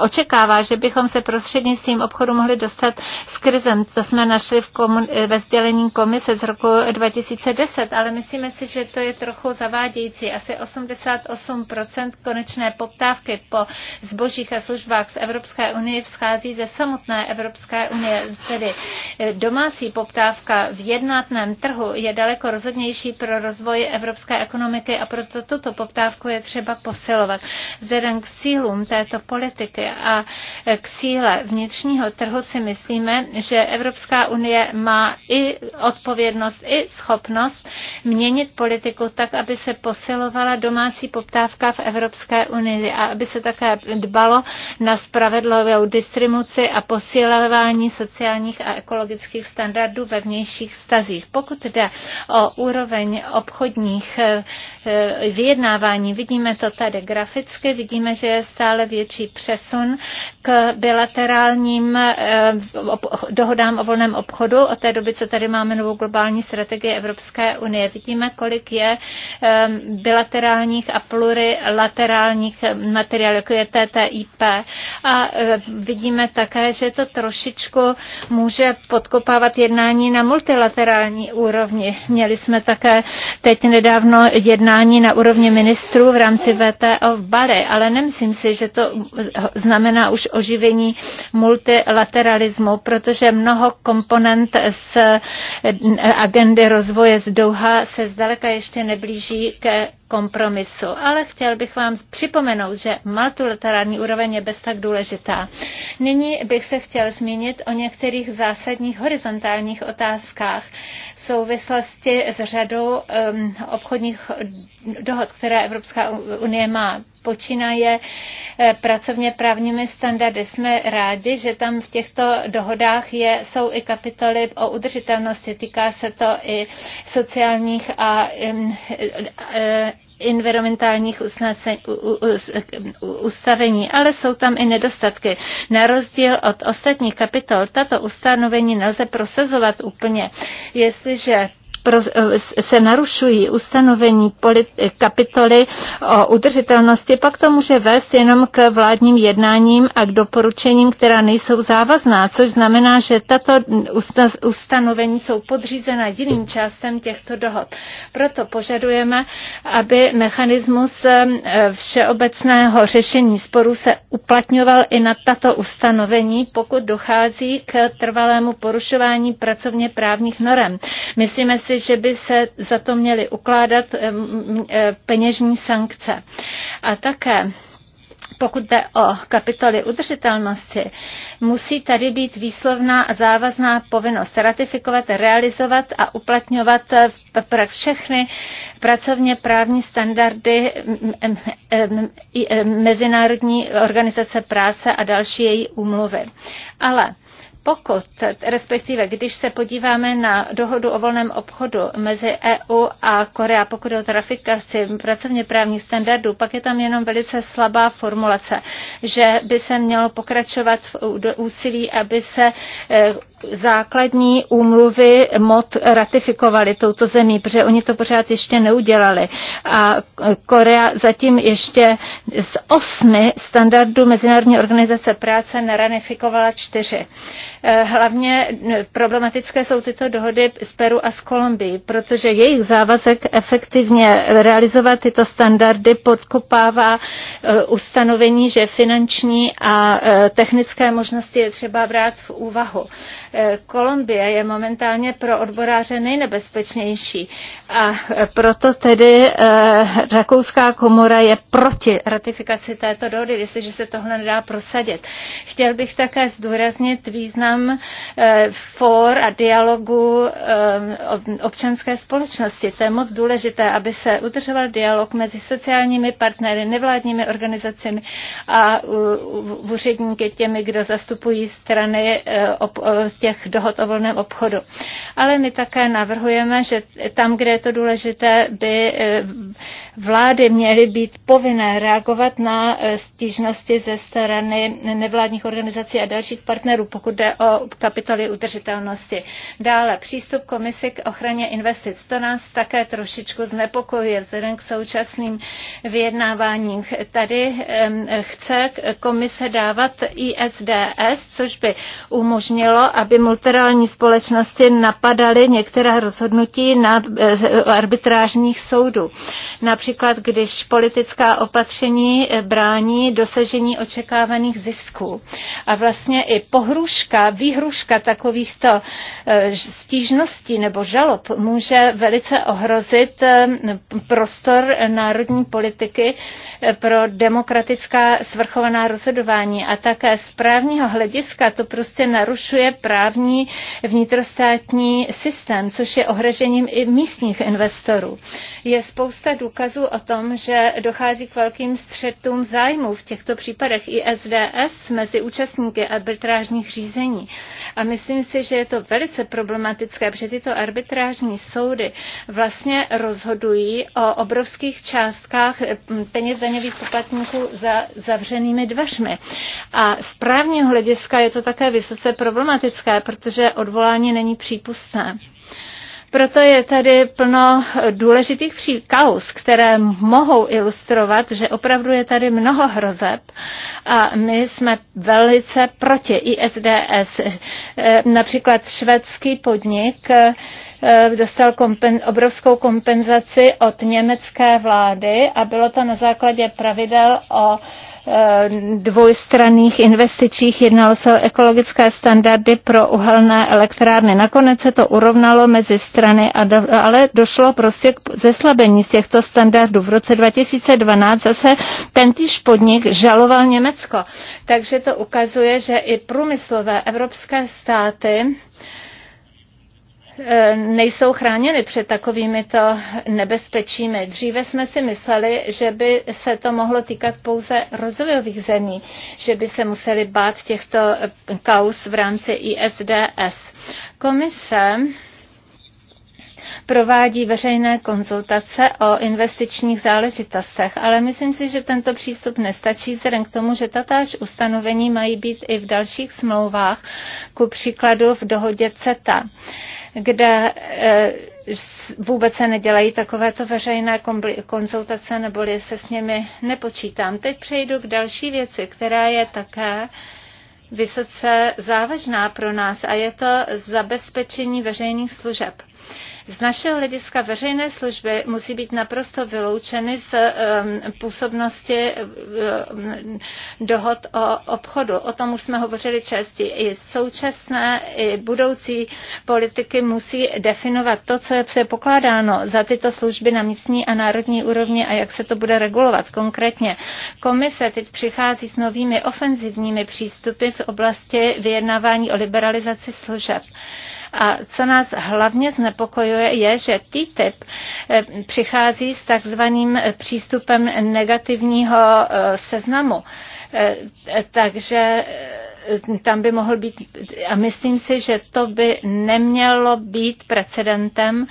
očekává, že bychom se prostřednictvím obchodu mohli dostat s krizem. To jsme našli v komun- ve sdělení komise z roku 2010, ale myslíme si, že to je trochu zavádějící. Asi 88% konečné poptávky po zbožích a službách z Evropské unie vzchází ze samotné Evropské unie. Tedy eh, domácí poptávka v jednatném trhu je daleko rozhodnější pro rozvoj evropské ekonomiky a proto tuto poptávku je třeba posilovat. Vzhledem k cílům této politiky a eh, k síle vnitřního trhu si myslíme, že Evropská unie má i odpovědnost, i schopnost měnit politiku tak, aby se posilovala domácí poptávka v Evropě Evropské unii a aby se také dbalo na spravedlivou distribuci a posilování sociálních a ekologických standardů ve vnějších stazích. Pokud jde o úroveň obchodních eh, eh, vyjednávání, vidíme to tady graficky, vidíme, že je stále větší přesun k bilaterálním eh, dohodám o volném obchodu. Od té doby, co tady máme novou globální strategii Evropské unie, vidíme, kolik je bilaterálních a plurilaterálních bilaterálních materiálů, jako je TTIP. A e, vidíme také, že to trošičku může podkopávat jednání na multilaterální úrovni. Měli jsme také teď nedávno jednání na úrovni ministrů v rámci VTO v Bali, ale nemyslím si, že to znamená už oživení multilateralismu, protože mnoho komponent z agendy rozvoje z Doha se zdaleka ještě neblíží ke kompromisu, ale chtěl bych vám připomenout, že multilaterální úroveň je bez tak důležitá. Nyní bych se chtěl zmínit o některých zásadních horizontálních otázkách v souvislosti s řadou um, obchodních dohod, které Evropská unie má počínaje eh, pracovně právními standardy. Jsme rádi, že tam v těchto dohodách je, jsou i kapitoly o udržitelnosti. Týká se to i sociálních a eh, environmentálních ustavení, ale jsou tam i nedostatky. Na rozdíl od ostatních kapitol tato ustanovení nelze prosazovat úplně. Jestliže se narušují ustanovení kapitoly o udržitelnosti, pak to může vést jenom k vládním jednáním a k doporučením, která nejsou závazná, což znamená, že tato ustanovení jsou podřízena jiným částem těchto dohod. Proto požadujeme, aby mechanismus eh, všeobecného řešení sporů se uplatňoval i na tato ustanovení, pokud dochází k trvalému porušování pracovně právních norem. Myslíme si, že by se za to měly ukládat eh, eh, peněžní sankce. A také pokud jde o kapitoly udržitelnosti, musí tady být výslovná a závazná povinnost ratifikovat, realizovat a uplatňovat eh, všechny pracovně právní standardy Mezinárodní organizace práce a další její úmluvy. Ale pokud, respektive když se podíváme na dohodu o volném obchodu mezi EU a Korea, pokud je o trafikaci pracovně právních standardů, pak je tam jenom velice slabá formulace, že by se mělo pokračovat v úsilí, aby se eh, základní úmluvy MOD ratifikovali touto zemí, protože oni to pořád ještě neudělali. A Korea zatím ještě z osmi standardů Mezinárodní organizace práce neranifikovala čtyři. Eh, hlavně problematické jsou tyto dohody z Peru a z Kolumbii, protože jejich závazek efektivně realizovat tyto standardy podkopává eh, ustanovení, že finanční a eh, technické možnosti je třeba brát v úvahu. Eh, Kolumbie je momentálně pro odboráře nejnebezpečnější a eh, proto tedy eh, Rakouská komora je proti ratifikaci této dohody, jestliže se tohle nedá prosadit. Chtěl bych také zdůraznit význam for a dialogu občanské společnosti. To je moc důležité, aby se udržoval dialog mezi sociálními partnery, nevládními organizacemi a úředníky těmi, kdo zastupují strany těch dohod o volném obchodu. Ale my také navrhujeme, že tam, kde je to důležité, by eh, vlády měly být povinné reagovat na eh, stížnosti ze strany nevládních organizací a dalších partnerů, pokud jde o kapitoly udržitelnosti. Dále přístup komisi k ochraně investic. To nás také trošičku znepokojuje vzhledem k současným vyjednáváním. Tady ehm, chce komise dávat ISDS, což by umožnilo, aby aby multilaterální společnosti napadaly některá rozhodnutí na eh, eh, arbitrážních soudů. Například, když politická opatření eh, brání dosažení očekávaných zisků. A vlastně i pohruška, výhruška takovýchto stížností nebo žalob může velice ohrozit prostor národní politiky pro demokratická svrchovaná rozhodování. A také z právního hlediska to prostě narušuje právě právní vnitrostátní systém, což je ohrožením i místních investorů. Je spousta důkazů o tom, že dochází k velkým střetům zájmů v těchto případech i SDS mezi účastníky arbitrážních řízení. A myslím si, že je to velice problematické, protože tyto arbitrážní soudy vlastně rozhodují o obrovských částkách mm, peněz daňových poplatníků za zavřenými dveřmi. A z právního hlediska je to také vysoce problematické logické, protože odvolání není přípustné. Proto je tady plno důležitých příkaus, které mohou ilustrovat, že opravdu je tady mnoho hrozeb a my jsme velice proti ISDS. Eh, například švédský podnik eh, dostal kompen, obrovskou kompenzaci od německé vlády a bylo to na základě pravidel o Eh, dvojstranných investicích. Jednalo se o ekologické standardy pro uhelné elektrárny. Nakonec se to urovnalo mezi strany, a do, ale došlo prostě k zeslabení z těchto standardů. V roce 2012 zase týž podnik žaloval Německo. Takže to ukazuje, že i průmyslové evropské státy E, nejsou chráněny před takovýmito nebezpečími. Dříve jsme si mysleli, že by se to mohlo týkat pouze rozvojových zemí, že by se museli bát těchto kaus v rámci ISDS. Komise provádí veřejné konzultace o investičních záležitostech, ale myslím si, že tento přístup nestačí vzhledem k tomu, že tatáž ustanovení mají být i v dalších smlouvách, ku příkladu v dohodě CETA. Uh, kde eh, vůbec se nedělají takovéto veřejné konzultace, neboli se s nimi nepočítám. Teď přejdu k další věci, která je také vysoce závažná pro nás a je to zabezpečení veřejných služeb. Z našeho hlediska veřejné služby musí být naprosto vyloučeny z působnosti dohod o obchodu. O tom už jsme hovořili části. I současné, i budoucí politiky musí definovat to, co je předpokládáno za tyto služby na místní a národní úrovni a jak se to bude regulovat konkrétně. Komise teď přichází s novými ofenzivními přístupy v oblasti vyjednávání o liberalizaci služeb. A co nás hlavně znepokojuje, je, že TTIP eh, přichází s takzvaným přístupem negativního eh, seznamu. Eh, takže tam by mohl být, a myslím si, že to by nemělo být precedentem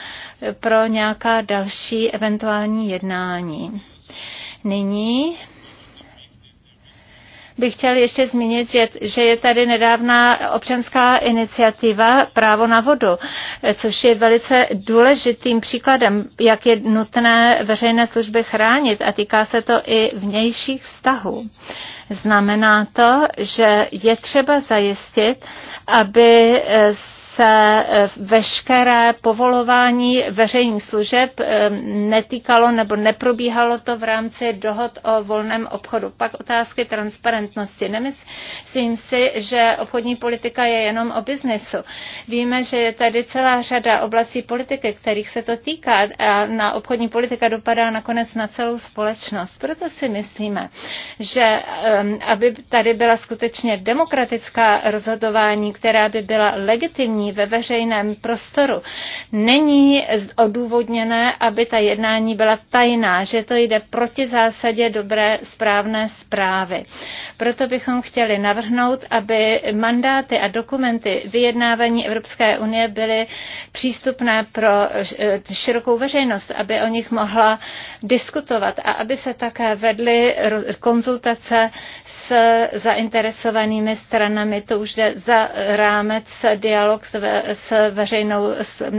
pro nějaká další eventuální jednání. Nyní bych chtěl ještě zmínit, že, že je tady nedávná občanská iniciativa Právo na vodu, což je velice důležitým příkladem, jak je nutné veřejné služby chránit a týká se to i vnějších vztahů. Znamená to, že je třeba zajistit, aby se eh, veškeré povolování veřejných služeb eh, netýkalo nebo neprobíhalo to v rámci dohod o volném obchodu. Pak otázky transparentnosti. Nemyslím si, že obchodní politika je jenom o biznesu. Víme, že je tady celá řada oblastí politiky, kterých se to týká a na obchodní politika dopadá nakonec na celou společnost. Proto si myslíme, že ehm, aby tady byla skutečně demokratická rozhodování, která by byla legitimní, jednání ve veřejném prostoru, není odůvodněné, aby ta jednání byla tajná, že to jde proti zásadě dobré správné zprávy. Proto bychom chtěli navrhnout, aby mandáty a dokumenty vyjednávání Evropské unie byly přístupné pro eh, širokou veřejnost, aby o nich mohla diskutovat a aby se také vedly konzultace s zainteresovanými stranami. To už jde za rámec dialog s, veřejnou,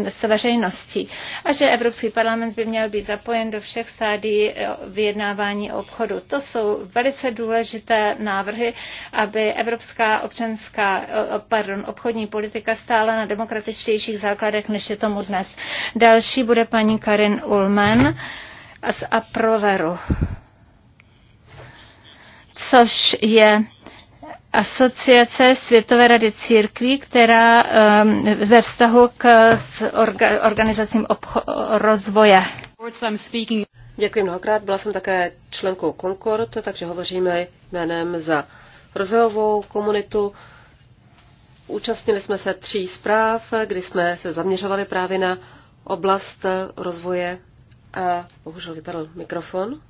s veřejností a že Evropský parlament by měl být zapojen do všech stádií vyjednávání obchodu. To jsou velice důležité návrhy, aby evropská občanská, pardon, obchodní politika stála na demokratičtějších základech, než je tomu dnes. Další bude paní Karin Ulmen z Aproveru což je asociace Světové rady církví, která ehm, ve vztahu k organizacím rozvoje. Děkuji mnohokrát. Byla jsem také členkou Concord, takže hovoříme jménem za rozvojovou komunitu. Účastnili jsme se tří zpráv, kdy jsme se zaměřovali právě na oblast rozvoje a bohužel vypadl mikrofon.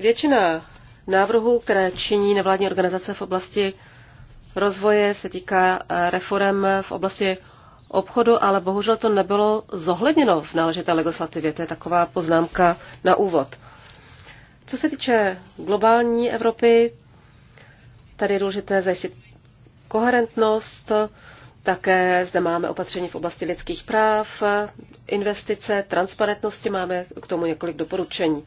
Většina návrhů, které činí nevládní organizace v oblasti rozvoje, se týká eh, reform v oblasti obchodu, ale bohužel to nebylo zohledněno v náležité legislativě. To je taková poznámka na úvod. Co se týče globální Evropy, tady je důležité zajistit koherentnost, také zde máme opatření v oblasti lidských práv, investice, transparentnosti, máme k tomu několik doporučení.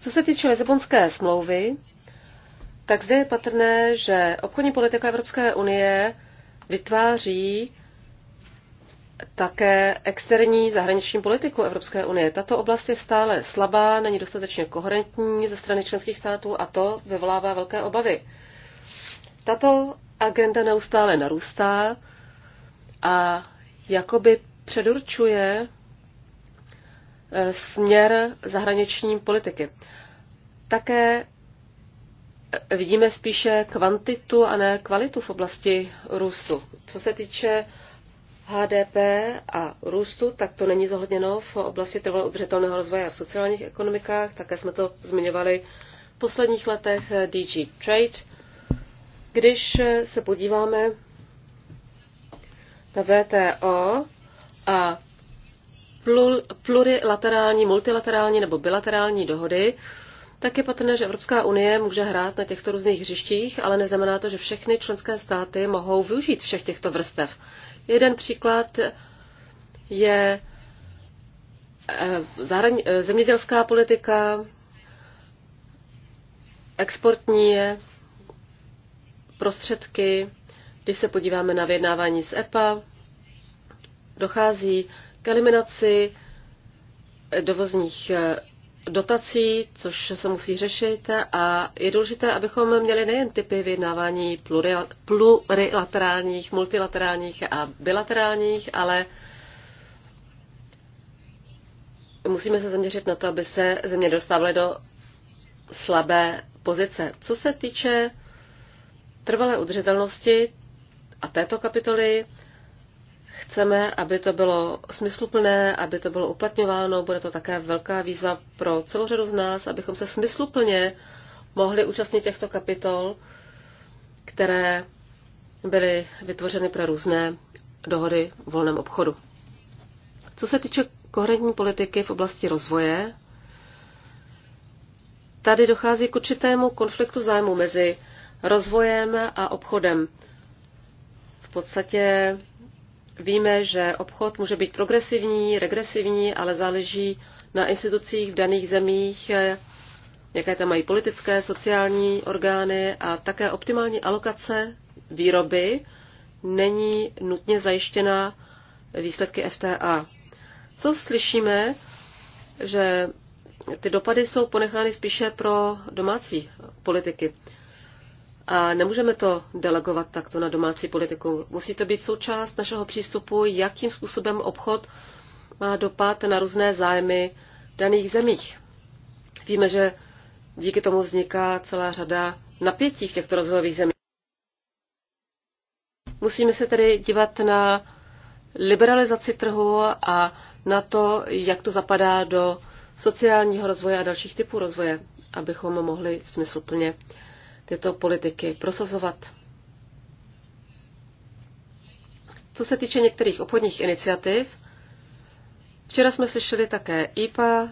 Co se týče Lisabonské smlouvy, tak zde je patrné, že obchodní politika Evropské unie vytváří také externí zahraniční politiku Evropské unie. Tato oblast je stále slabá, není dostatečně koherentní ze strany členských států a to vyvolává velké obavy. Tato agenda neustále narůstá a jakoby předurčuje Eh, směr zahraniční politiky. Také eh, vidíme spíše kvantitu a ne kvalitu v oblasti růstu. Co se týče HDP a růstu, tak to není zohledněno v oblasti trvalého udržitelného rozvoje a v sociálních ekonomikách. Také jsme to zmiňovali v posledních letech eh, DG Trade. Když se podíváme na VTO a plurilaterální, multilaterální nebo bilaterální dohody, tak je patrné, že Evropská unie může hrát na těchto různých hřištích, ale neznamená to, že všechny členské státy mohou využít všech těchto vrstev. Jeden příklad je eh, eh, zemědělská politika, exportní prostředky, když se podíváme na vyjednávání z EPA, dochází k eliminaci dovozních eh, dotací, což se musí řešit a je důležité, abychom měli nejen typy vyjednávání plurilaterálních, multilaterálních a bilaterálních, ale musíme se zaměřit na to, aby se země dostávaly do slabé pozice. Co se týče trvalé udržitelnosti a této kapitoly, Chceme, aby to bylo smysluplné, aby to bylo uplatňováno. Bude to také velká výzva pro celou řadu z nás, abychom se smysluplně mohli účastnit těchto kapitol, které byly vytvořeny pro různé dohody v volném obchodu. Co se týče koherentní politiky v oblasti rozvoje, tady dochází k určitému konfliktu zájmu mezi rozvojem a obchodem. V podstatě Víme, že obchod může být progresivní, regresivní, ale záleží na institucích v daných zemích, jaké tam mají politické, sociální orgány a také optimální alokace výroby není nutně zajištěna výsledky FTA. Co slyšíme, že ty dopady jsou ponechány spíše pro domácí politiky. A nemůžeme to delegovat takto na domácí politiku. Musí to být součást našeho přístupu, jakým způsobem obchod má dopad na různé zájmy v daných zemích. Víme, že díky tomu vzniká celá řada napětí v těchto rozvojových zemích. Musíme se tedy dívat na liberalizaci trhu a na to, jak to zapadá do sociálního rozvoje a dalších typů rozvoje, abychom mohli smysluplně tyto politiky prosazovat. Co se týče některých obchodních iniciativ, včera jsme slyšeli také IPA.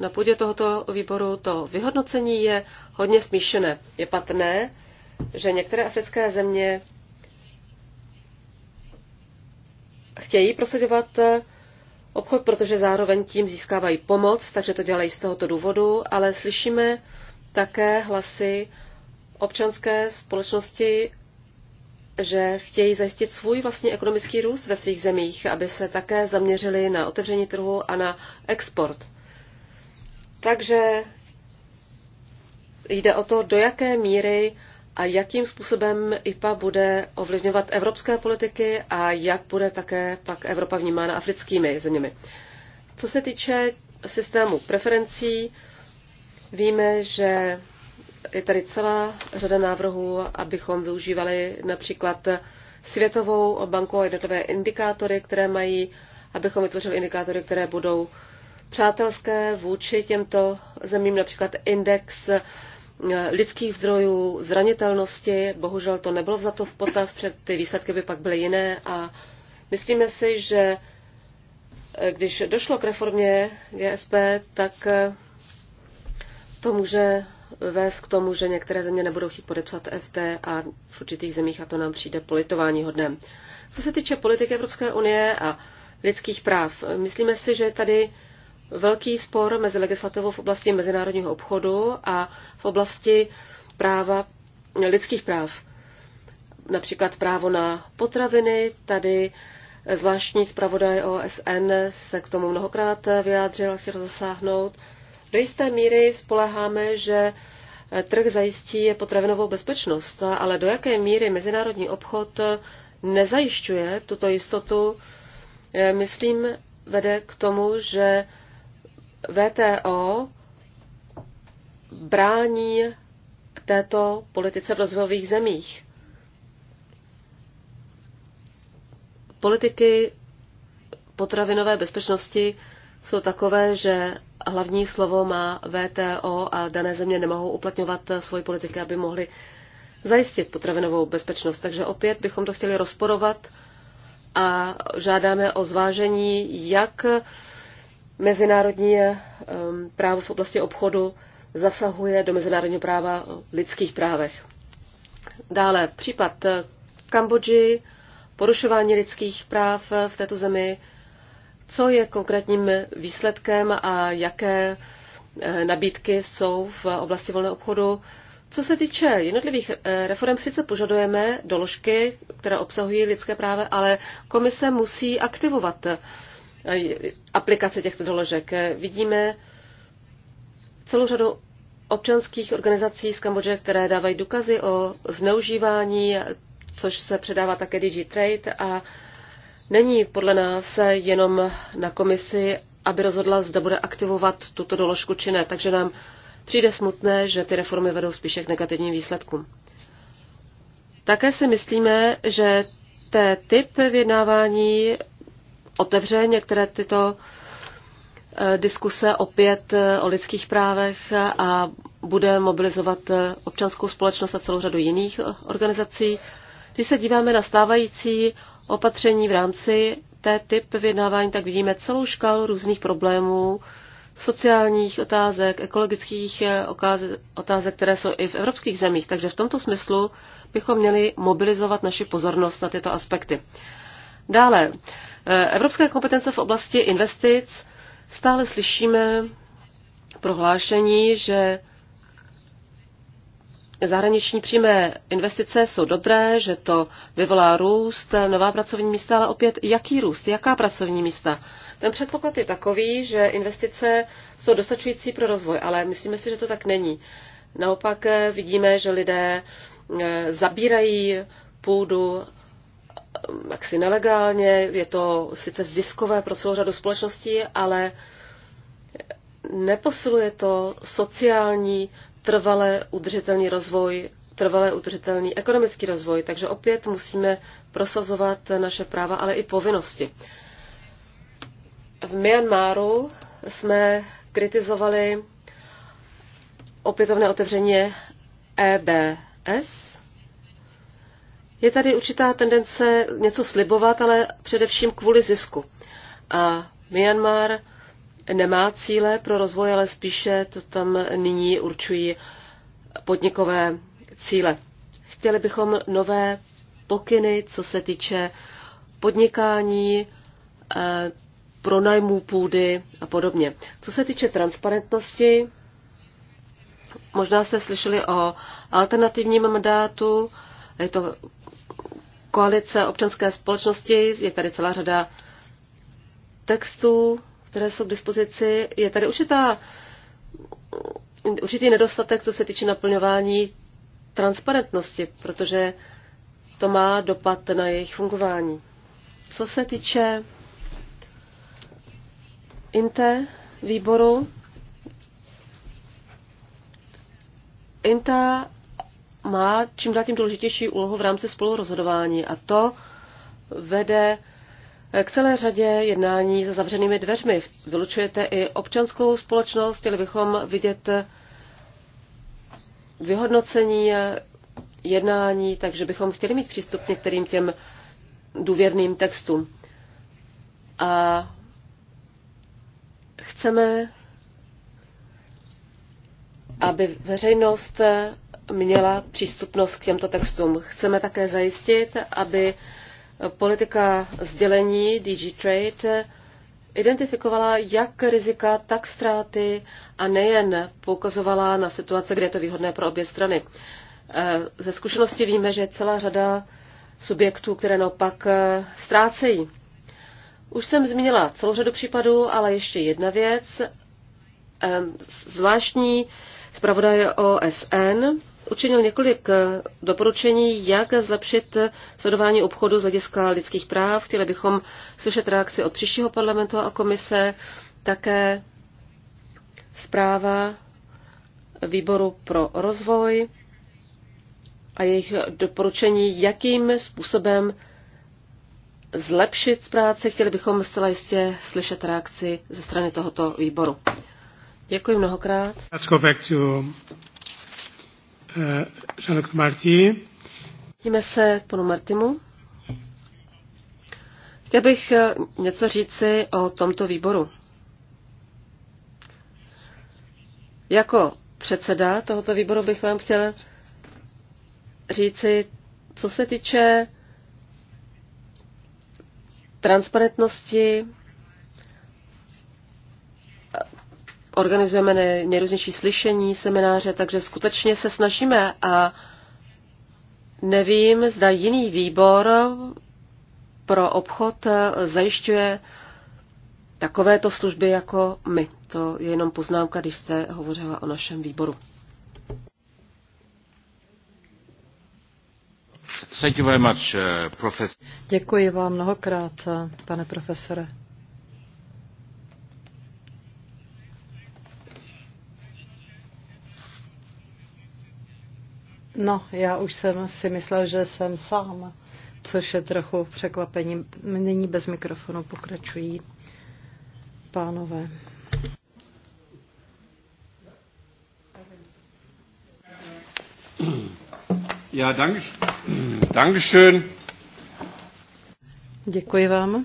Na půdě tohoto výboru to vyhodnocení je hodně smíšené. Je patrné, že některé africké země chtějí prosadovat eh, obchod, protože zároveň tím získávají pomoc, takže to dělají z tohoto důvodu, ale slyšíme také hlasy občanské společnosti, že chtějí zajistit svůj vlastní ekonomický růst ve svých zemích, aby se také zaměřili na otevření trhu a na export. Takže jde o to, do jaké míry a jakým způsobem IPA bude ovlivňovat evropské politiky a jak bude také pak Evropa vnímána africkými zeměmi. Co se týče systému preferencí, víme, že je tady celá řada návrhů, abychom využívali například Světovou banku a jednotlivé indikátory, které mají, abychom vytvořili indikátory, které budou přátelské vůči těmto zemím, například index eh, lidských zdrojů, zranitelnosti. Bohužel to nebylo za to v potaz, před ty výsledky by pak byly jiné a myslíme si, že eh, když došlo k reformě GSP, tak eh, to může vést k tomu, že některé země nebudou chtít podepsat FT a v určitých zemích a to nám přijde politování hodné. Co se týče politiky Evropské unie a lidských práv, myslíme si, že tady velký spor mezi legislativou v oblasti mezinárodního obchodu a v oblasti práva, lidských práv. Například právo na potraviny, tady zvláštní zpravodaj OSN se k tomu mnohokrát vyjádřil, chtěl si zasáhnout. Do jisté míry spoleháme, že eh, trh zajistí potravinovou bezpečnost, ale do jaké míry mezinárodní obchod eh, nezajišťuje tuto jistotu, eh, myslím, vede k tomu, že VTO brání této politice v rozvojových zemích. Politiky potravinové bezpečnosti jsou takové, že hlavní slovo má VTO a dané země nemohou uplatňovat svoji politiky, aby mohly zajistit potravinovou bezpečnost. Takže opět bychom to chtěli rozporovat a žádáme o zvážení, jak mezinárodní um, právo v oblasti obchodu zasahuje do mezinárodního práva o lidských právech. Dále případ Kambodži, porušování lidských práv v této zemi, co je konkrétním výsledkem a jaké eh, nabídky jsou v oblasti volného obchodu. Co se týče jednotlivých eh, reform, sice požadujeme doložky, které obsahují lidské práva, ale komise musí aktivovat eh, aplikaci těchto doložek. Vidíme celou řadu občanských organizací z Kambodže, které dávají důkazy o zneužívání, což se předává také DigiTrade a Není podle nás jenom na komisi, aby rozhodla, zda bude aktivovat tuto doložku či ne, takže nám přijde smutné, že ty reformy vedou spíše k negativním výsledkům. Také si myslíme, že té typ vyjednávání otevře některé tyto eh, diskuse opět eh, o lidských právech a bude mobilizovat eh, občanskou společnost a celou řadu jiných organizací. Když se díváme na stávající opatření v rámci té typ vyjednávání, tak vidíme celou škálu různých problémů, sociálních otázek, ekologických eh, otázek, které jsou i v evropských zemích. Takže v tomto smyslu bychom měli mobilizovat naši pozornost na tyto aspekty. Dále, eh, evropské kompetence v oblasti investic stále slyšíme prohlášení, že zahraniční přímé investice jsou dobré, že to vyvolá růst, nová pracovní místa, ale opět jaký růst, jaká pracovní místa? Ten předpoklad je takový, že investice jsou dostačující pro rozvoj, ale myslíme si, že to tak není. Naopak eh, vidíme, že lidé eh, zabírají půdu eh, jaksi nelegálně, je to sice ziskové pro celou řadu společností, ale neposiluje to sociální trvalé udržitelný rozvoj, trvalé udržitelný ekonomický rozvoj. Takže opět musíme prosazovat naše práva, ale i povinnosti. V Myanmaru jsme kritizovali opětovné otevření EBS. Je tady určitá tendence něco slibovat, ale především kvůli zisku. A Myanmar nemá cíle pro rozvoj, ale spíše to tam nyní určují podnikové cíle. Chtěli bychom nové pokyny, co se týče podnikání, eh, pronajmů půdy a podobně. Co se týče transparentnosti, možná jste slyšeli o alternativním mandátu, je to koalice občanské společnosti, je tady celá řada textů, které jsou k dispozici, je tady určitá, určitý nedostatek, co se týče naplňování transparentnosti, protože to má dopad na jejich fungování. Co se týče INTE výboru, INTA má čím dál tím důležitější úlohu v rámci spolurozhodování a to vede k celé řadě jednání za zavřenými dveřmi. Vylučujete i občanskou společnost, chtěli bychom vidět vyhodnocení jednání, takže bychom chtěli mít přístup k některým těm důvěrným textům. A chceme, aby veřejnost měla přístupnost k těmto textům. Chceme také zajistit, aby politika sdělení DG Trade identifikovala jak rizika, tak ztráty a nejen poukazovala na situace, kde je to výhodné pro obě strany. Eh, ze zkušenosti víme, že je celá řada subjektů, které naopak eh, ztrácejí. Už jsem zmínila celou řadu případů, ale ještě jedna věc. Zvláštní zpravodaj OSN učinil několik eh, doporučení, jak zlepšit sledování obchodu z hlediska lidských práv. Chtěli bychom slyšet reakci od příštího parlamentu a komise, také zpráva výboru pro rozvoj a jejich doporučení, jakým způsobem zlepšit práci. Chtěli bychom zcela jistě slyšet reakci ze strany tohoto výboru. Děkuji mnohokrát. Let's go back to Jean-Luc eh, Marty. Vidíme se panu Martimu. Chtěl bych eh, něco říci o tomto výboru. Jako předseda tohoto výboru bych vám chtěl říci, co se týče transparentnosti organizujeme nejrůznější slyšení, semináře, takže skutečně se snažíme a nevím, zda jiný výbor pro obchod eh, zajišťuje takovéto služby jako my. To je jenom poznámka, když jste hovořila o našem výboru. Eh, Děkuji vám mnohokrát, eh, pane profesore. No, já už jsem si myslel, že jsem sám, což je trochu překvapení. Nyní bez mikrofonu pokračují pánové. Ja, danke, danke schön. Děkuji vám.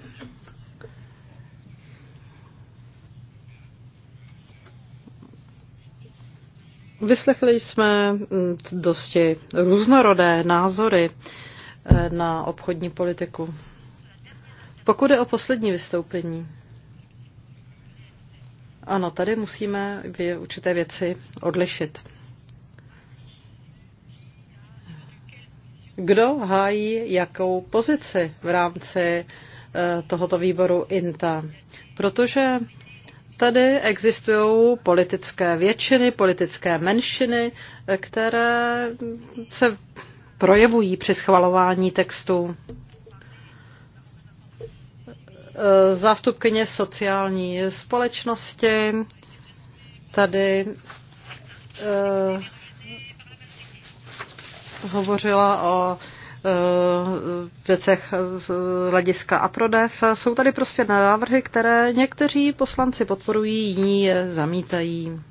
Vyslechli jsme mm, dosti různorodé názory eh, na obchodní politiku. Pokud je o poslední vystoupení, ano, tady musíme určité věci odlišit. Kdo hájí jakou pozici v rámci eh, tohoto výboru INTA? Protože Tady existují politické většiny, politické menšiny, které se projevují při schvalování textu. Zástupkyně sociální společnosti tady eh, hovořila o Eh, věcech hlediska a prodev. Jsou tady prostě návrhy, které někteří poslanci podporují, jiní je zamítají.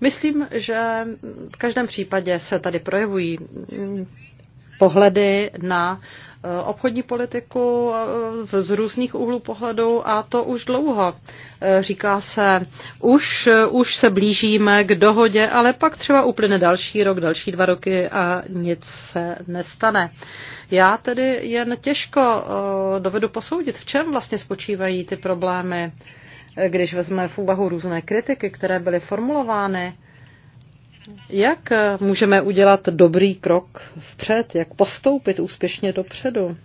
Myslím, že v každém případě se tady projevují pohledy na eh, obchodní politiku eh, z různých úhlů pohledu a to už dlouho. Eh, říká se, už, už se blížíme k dohodě, ale pak třeba uplyne další rok, další dva roky a nic se nestane. Já tedy jen těžko dovedu posoudit, v čem vlastně spočívají ty problémy, když vezmeme v úvahu různé kritiky, které byly formulovány jak eh, můžeme udělat dobrý krok vpřed? Jak postoupit úspěšně dopředu?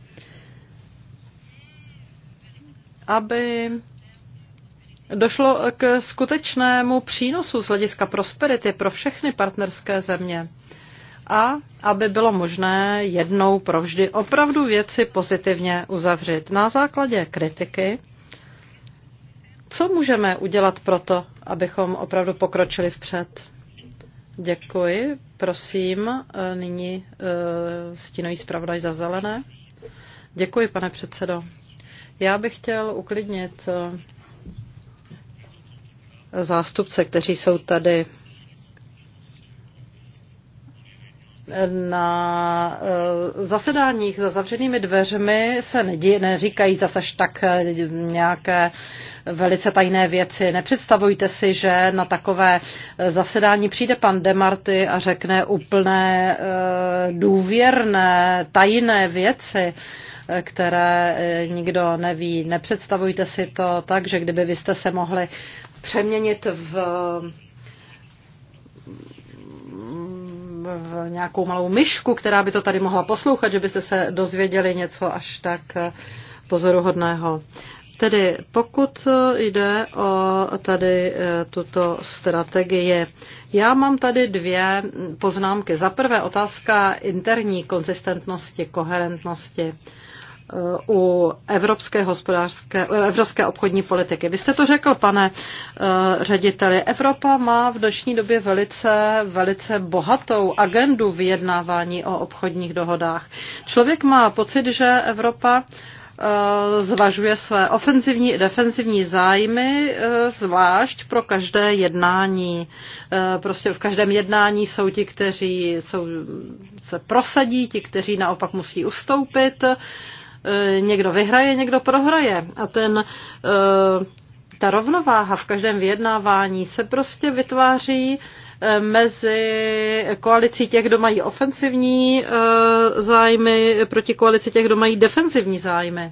Aby došlo k skutečnému přínosu z hlediska prosperity pro všechny partnerské země a aby bylo možné jednou provždy opravdu věci pozitivně uzavřít na základě kritiky. Co můžeme udělat proto, abychom opravdu pokročili vpřed? Děkuji. Prosím, eh, nyní eh, stínový zpravodaj za zelené. Děkuji, pane předsedo. Já bych chtěl uklidnit eh, zástupce, kteří jsou tady na zasedáních za zavřenými dveřmi se neříkají zase tak nějaké velice tajné věci. Nepředstavujte si, že na takové eh, zasedání přijde pan Demarty a řekne úplné eh, důvěrné, tajné věci eh, které nikdo neví. Nepředstavujte si to tak, že kdyby vy jste se mohli přeměnit v v nějakou malou myšku, která by to tady mohla poslouchat, že byste se dozvěděli něco až tak pozoruhodného. Tedy pokud jde o tady eh, tuto strategii, já mám tady dvě poznámky. Za prvé otázka interní konzistentnosti, koherentnosti eh, u evropské hospodářské, eh, evropské obchodní politiky. Vy jste to řekl, pane řediteli. Evropa má v dnešní době velice, velice bohatou agendu vyjednávání o obchodních dohodách. Člověk má pocit, že Evropa Eh, zvažuje své ofenzivní i defenzivní zájmy, eh, zvlášť pro každé jednání. Eh, prostě v každém jednání jsou ti, kteří jsou, se prosadí, ti, kteří naopak musí ustoupit. Někdo vyhraje, někdo prohraje. A ten ta rovnováha v každém vyjednávání se prostě vytváří Eh, mezi koalicí těch, kdo mají ofensivní eh, zájmy, proti koalici těch, kdo mají defensivní zájmy.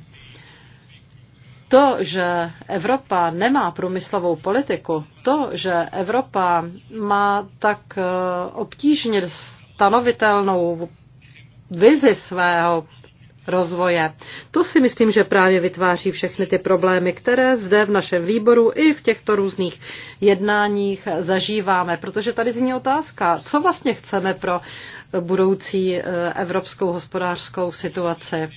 To, že Evropa nemá průmyslovou politiku, to, že Evropa má tak eh, obtížně stanovitelnou vizi svého rozvoje. To si myslím, že právě vytváří všechny ty problémy, které zde v našem výboru i v těchto různých jednáních zažíváme, protože tady zní otázka, co vlastně chceme pro budoucí eh, evropskou hospodářskou situaci.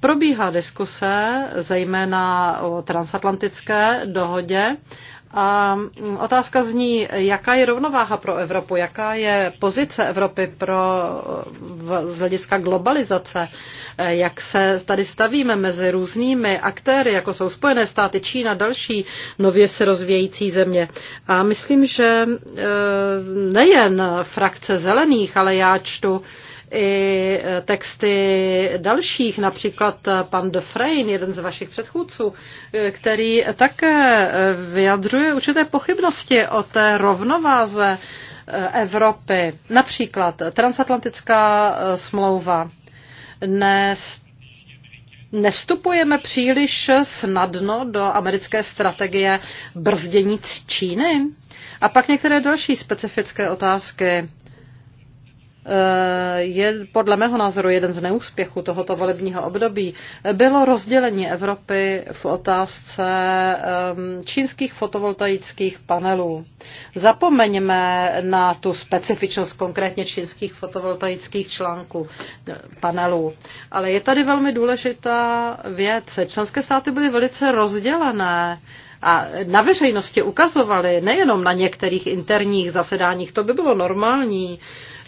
Probíhá diskuse zejména o transatlantické dohodě, a mm, otázka zní, jaká je rovnováha pro Evropu, jaká je pozice Evropy pro, z hlediska globalizace, eh, jak se tady stavíme mezi různými aktéry, jako jsou Spojené státy, Čína, další nově se rozvějící země. A myslím, že eh, nejen frakce zelených, ale já čtu i e, texty dalších, například pan de Frein, jeden z vašich předchůdců, e, který také e, vyjadřuje určité pochybnosti o té rovnováze Evropy. Například transatlantická smlouva. Ne, nevstupujeme příliš snadno do americké strategie brzdění Číny. A pak některé další specifické otázky je podle mého názoru jeden z neúspěchů tohoto volebního období, bylo rozdělení Evropy v otázce čínských fotovoltaických panelů. Zapomeňme na tu specifičnost konkrétně čínských fotovoltaických článků panelů. Ale je tady velmi důležitá věc. Členské státy byly velice rozdělené a na veřejnosti ukazovali nejenom na některých interních zasedáních, to by bylo normální,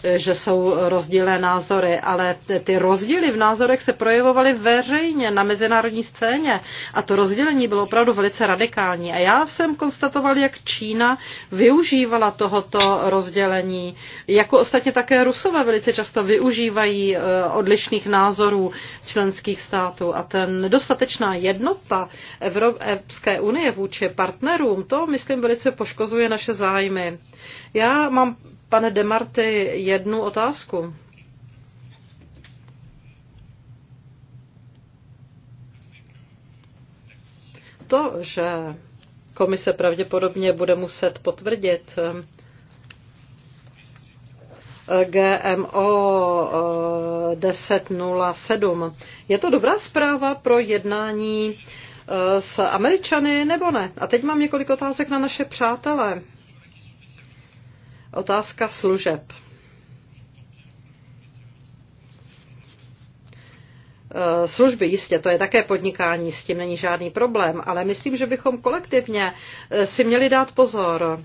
že jsou rozdílné názory, ale ty rozdíly v názorech se projevovaly veřejně na mezinárodní scéně a to rozdělení bylo opravdu velice radikální. A já jsem konstatoval, jak Čína využívala tohoto rozdělení, jako ostatně také Rusové velice často využívají e, odlišných názorů členských států a ten nedostatečná jednota Evropské unie vůči partnerům, to, myslím, velice poškozuje naše zájmy. Já mám pane Demarty, jednu otázku. To, že komise pravděpodobně bude muset potvrdit ehm, GMO 1007, eh, je to dobrá zpráva pro jednání eh, s Američany nebo ne? A teď mám několik otázek na naše přátelé. Otázka služeb. Eh, služby, jistě, to je také podnikání, s tím není žádný problém, ale myslím, že bychom kolektivně eh, si měli dát pozor.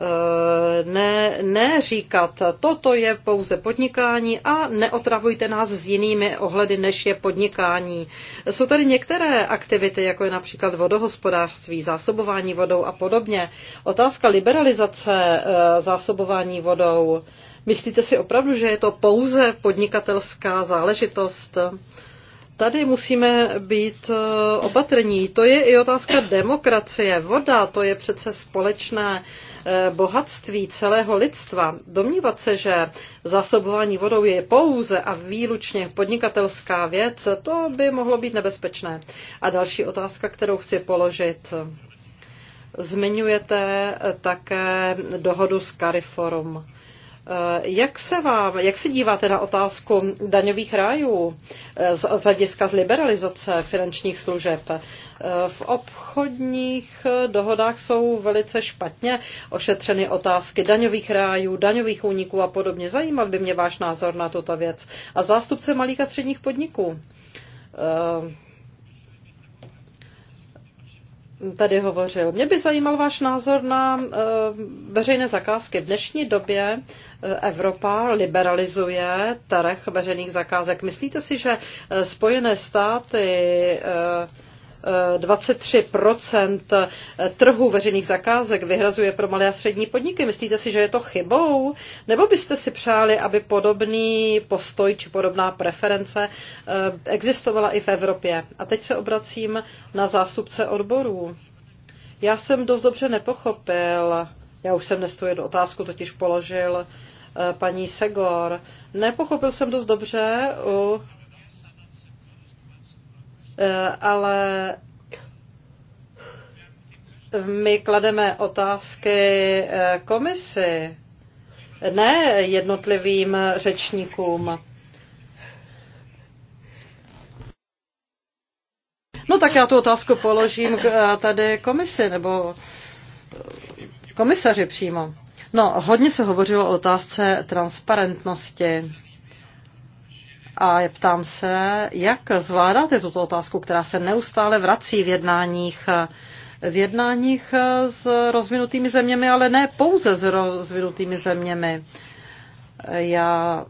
Eh, ne, ne říkat, toto je pouze podnikání a neotravujte nás s jinými ohledy, než je podnikání. Jsou tady některé aktivity, jako je například vodohospodářství, zásobování vodou a podobně. Otázka liberalizace eh, zásobování vodou. Myslíte si opravdu, že je to pouze podnikatelská záležitost? Tady musíme být eh, opatrní. To je i otázka demokracie. Voda, to je přece společné Eh, bohatství celého lidstva, domnívat se, že zásobování vodou je pouze a výlučně podnikatelská věc, to by mohlo být nebezpečné. A další otázka, kterou chci položit. Zmiňujete také dohodu s Cariforum. Eh, jak se vám, jak se díváte na otázku daňových rájů eh, z hlediska z liberalizace finančních služeb? Eh, v obchodních dohodách jsou velice špatně ošetřeny otázky daňových rájů, daňových úniků a podobně. Zajímal by mě váš názor na tuto věc. A zástupce malých a středních podniků tady hovořil. Mě by zajímal váš názor na eh, veřejné zakázky. V dnešní době eh, Evropa liberalizuje trh veřejných zakázek. Myslíte si, že eh, Spojené státy 23 eh, trhu veřejných zakázek vyhrazuje pro malé a střední podniky. Myslíte si, že je to chybou? Nebo byste si přáli, aby podobný postoj či podobná preference eh, existovala i v Evropě? A teď se obracím na zástupce odborů. Já jsem dost dobře nepochopil, já už jsem dnes tu jednu otázku totiž položil eh, paní Segor. Nepochopil jsem dost dobře u Eh, ale my klademe otázky eh, komisi, ne jednotlivým řečníkům. No tak já tu otázku položím eh, tady komisi, nebo komisaři přímo. No, hodně se hovořilo o otázce transparentnosti. A ptám se, jak zvládáte tuto otázku, která se neustále vrací v jednáních v jednáních s rozvinutými zeměmi, ale ne pouze s rozvinutými zeměmi. Já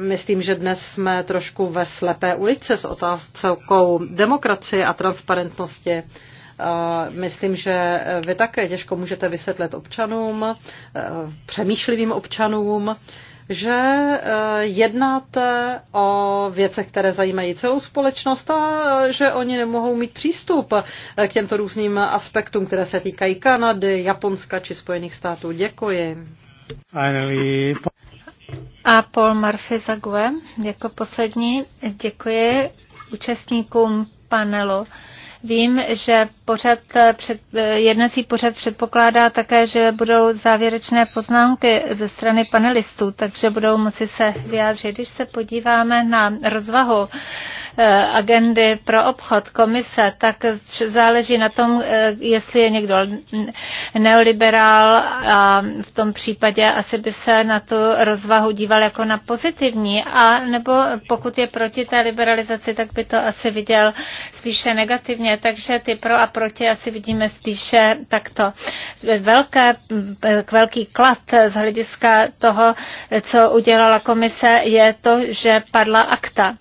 myslím, že dnes jsme trošku ve slepé ulici s otázkou demokracie a transparentnosti. Myslím, že vy také těžko můžete vysvětlit občanům, eh, přemýšlivým občanům, že eh, jednáte o věcech, které zajímají celou společnost a eh, že oni nemohou mít přístup eh, k těmto různým aspektům, které se týkají Kanady, Japonska či Spojených států. Děkuji. A Paul Murphy Zague jako poslední. Děkuji účastníkům panelu. Vím, že pořad před, jednací pořad předpokládá také, že budou závěrečné poznámky ze strany panelistů, takže budou moci se vyjádřit. Když se podíváme na rozvahu Eh, agendy pro obchod komise, tak záleží na tom, eh, jestli je někdo neoliberál a v tom případě asi by se na tu rozvahu díval jako na pozitivní a nebo pokud je proti té liberalizaci, tak by to asi viděl spíše negativně, takže ty pro a proti asi vidíme spíše takto. Velké, eh, velký klad z hlediska toho, co udělala komise, je to, že padla akta.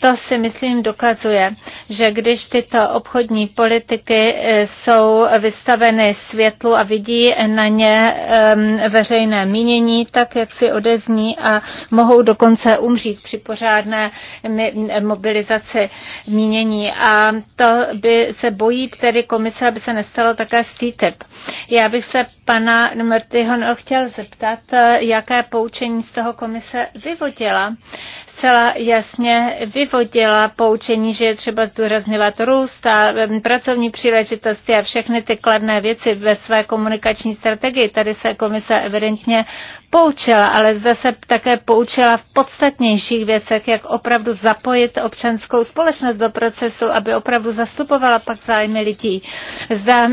To si myslím, myslím, dokazuje, že když tyto obchodní politiky eh, jsou vystaveny světlu a vidí na ně ehm, veřejné mínění, tak jak si odezní a mohou dokonce umřít při pořádné mobilizaci mínění. A to by se bojí tedy komise, aby se nestalo také s TTIP. E Já bych se pana Mrtyho chtěl zeptat, eh, jaké poučení z toho komise vyvodila zcela jasně vyvodila poučení, že je třeba zdůrazňovat růst a pracovní příležitosti a všechny ty kladné věci ve své komunikační strategii. Tady se komise evidentně poučila, ale zde se také poučila v podstatnějších věcech, jak opravdu zapojit občanskou společnost do procesu, aby opravdu zastupovala pak zájmy lidí. Zda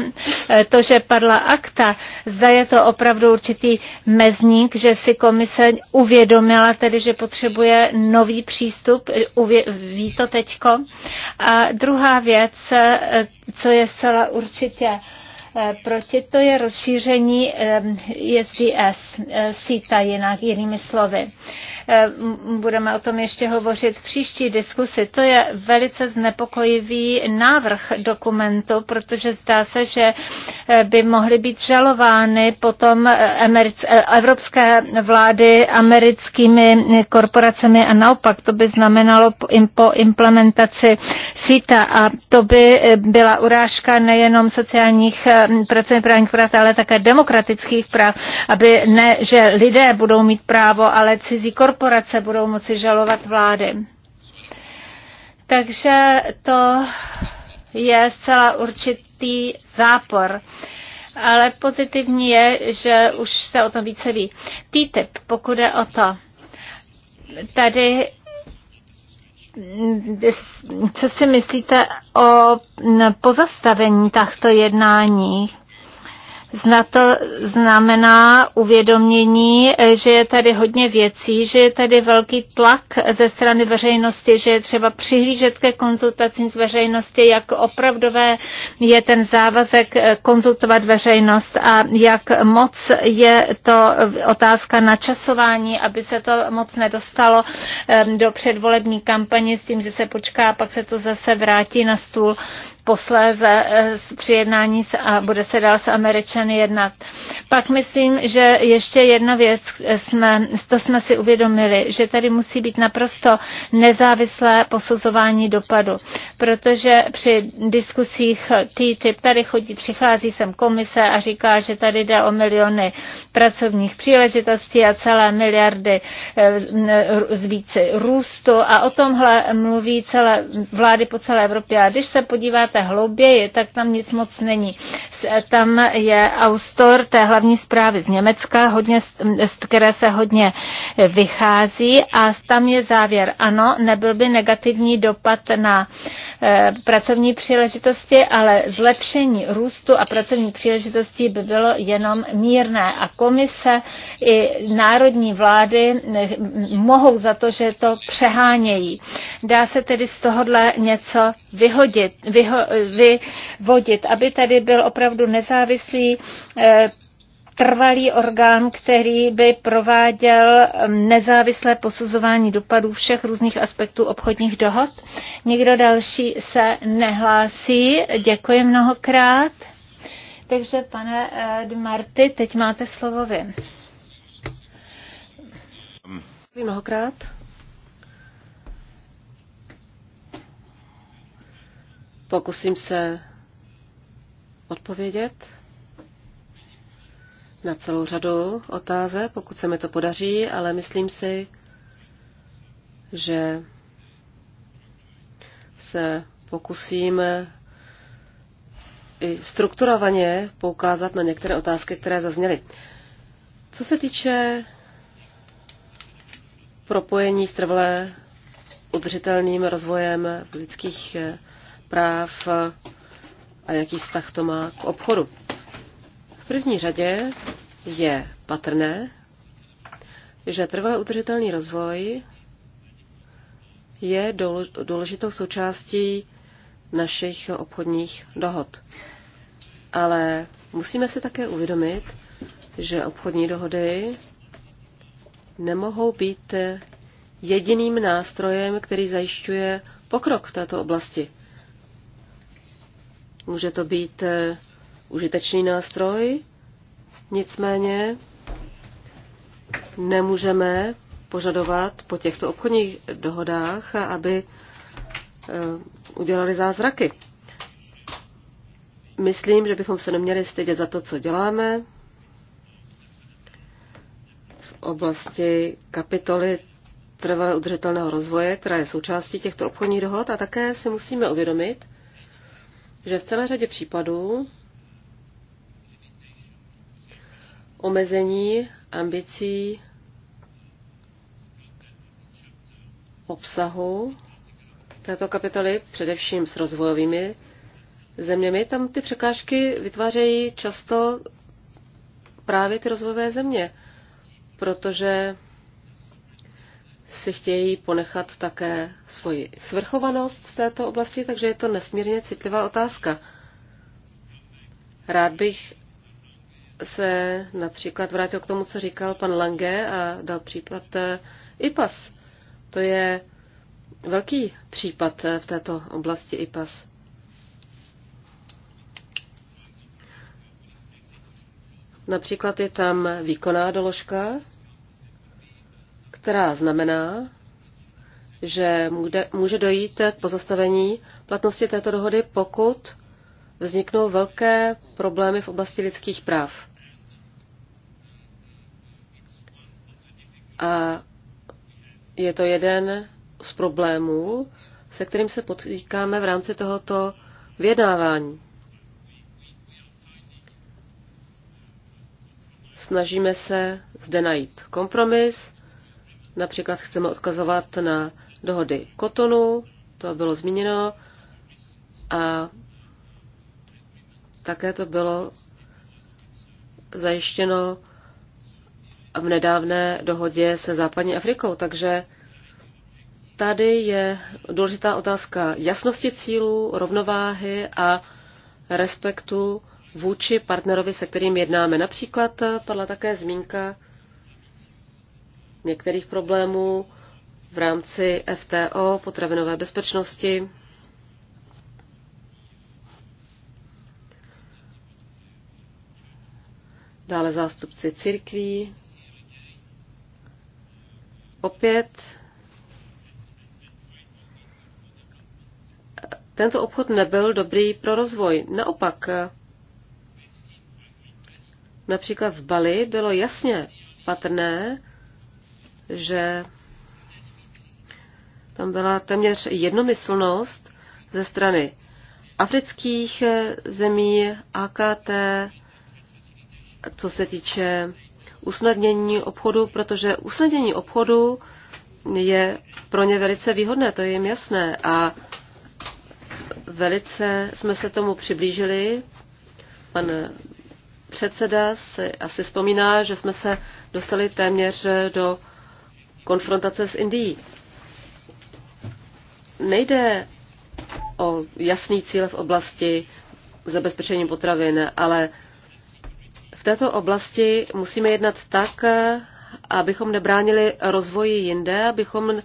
eh, to, že padla akta, zda je to opravdu určitý mezník, že si komise uvědomila tedy, že potřebuje nový přístup, uvě, ví to teďko. A druhá věc, eh, co je zcela určitě Proti to je rozšíření SDS, eh, eh, síta jinak, jinými slovy. Eh, budeme o tom ještě hovořit v příští diskusi. To je velice znepokojivý návrh dokumentu, protože zdá se, že eh, by mohly být žalovány potom eh, evropské vlády americkými korporacemi a naopak to by znamenalo po implementaci síta a to by byla urážka nejenom sociálních pracovních právních práv, ale také demokratických práv, aby ne, že lidé budou mít právo, ale cizí korporace korporace budou moci žalovat vlády. Takže to je zcela určitý zápor. Ale pozitivní je, že už se o tom více ví. TTIP, pokud je o to, tady co si myslíte o pozastavení těchto jednání? Zna to znamená uvědomění, že je tady hodně věcí, že je tady velký tlak ze strany veřejnosti, že je třeba přihlížet ke konzultacím z veřejnosti, jak opravdové je ten závazek eh, konzultovat veřejnost a jak moc je to otázka načasování, aby se to moc nedostalo eh, do předvolební kampaně s tím, že se počká, pak se to zase vrátí na stůl posléze eh, při jednání a bude se dál s Američany jednat. Pak myslím, že ještě jedna věc, jsme, to jsme si uvědomili, že tady musí být naprosto nezávislé posuzování dopadu, protože při diskusích TTIP tady chodí, přichází sem komise a říká, že tady jde o miliony pracovních příležitostí a celé miliardy eh, více růstu a o tomhle mluví celé vlády po celé Evropě. A když se podíváte hlouběji, tak tam nic moc není tam je autor té hlavní zprávy z Německa, hodně, z které se hodně vychází a tam je závěr. Ano, nebyl by negativní dopad na eh, pracovní příležitosti, ale zlepšení růstu a pracovní příležitosti by bylo jenom mírné. A komise i národní vlády eh, mohou za to, že to přehánějí. Dá se tedy z tohohle něco vyhodit, vyho, vyvodit, aby tady byl opravdu nezávislý eh, trvalý orgán, který by prováděl mm, nezávislé posuzování dopadů všech různých aspektů obchodních dohod. Nikdo další se nehlásí. Děkuji mnohokrát. Takže, pane eh, Marty, teď máte slovo vy. mnohokrát. Pokusím se odpovědět na celou řadu otázek, pokud se mi to podaří, ale myslím si, že se pokusíme i strukturovaně poukázat na některé otázky, které zazněly. Co se týče propojení s trvalé udržitelným rozvojem lidských práv a jaký vztah to má k obchodu. V první řadě je patrné, že trvalý udržitelný rozvoj je důležitou součástí našich obchodních dohod. Ale musíme si také uvědomit, že obchodní dohody nemohou být jediným nástrojem, který zajišťuje pokrok v této oblasti. Může to být eh, užitečný nástroj, nicméně nemůžeme požadovat po těchto obchodních dohodách, aby eh, udělali zázraky. Myslím, že bychom se neměli stydět za to, co děláme v oblasti kapitoly trvale udržitelného rozvoje, která je součástí těchto obchodních dohod a také si musíme uvědomit, že v celé řadě případů omezení ambicí obsahu této kapitoly, především s rozvojovými zeměmi, tam ty překážky vytvářejí často právě ty rozvojové země, protože si chtějí ponechat také svoji svrchovanost v této oblasti, takže je to nesmírně citlivá otázka. Rád bych se například vrátil k tomu, co říkal pan Lange a dal případ eh, IPAS. To je velký případ eh, v této oblasti IPAS. Například je tam výkonná doložka, která znamená, že může dojít k pozastavení platnosti této dohody, pokud vzniknou velké problémy v oblasti lidských práv. A je to jeden z problémů, se kterým se potýkáme v rámci tohoto vědávání. Snažíme se zde najít kompromis, Například chceme odkazovat na dohody kotonu, to bylo zmíněno, a také to bylo zajištěno v nedávné dohodě se západní Afrikou. Takže tady je důležitá otázka jasnosti cílů, rovnováhy a respektu vůči partnerovi, se kterým jednáme. Například padla také zmínka některých problémů v rámci FTO, potravinové bezpečnosti. Dále zástupci církví. Opět tento obchod nebyl dobrý pro rozvoj. Naopak, například v Bali bylo jasně patrné, že tam byla téměř jednomyslnost ze strany afrických eh, zemí AKT, co se týče usnadnění obchodu, protože usnadnění obchodu je pro ně velice výhodné, to je jim jasné. A velice jsme se tomu přiblížili. Pan předseda si asi vzpomíná, že jsme se dostali téměř do konfrontace s Indií. Nejde o jasný cíl v oblasti zabezpečení potravin, ale v této oblasti musíme jednat tak, abychom nebránili rozvoji jinde, abychom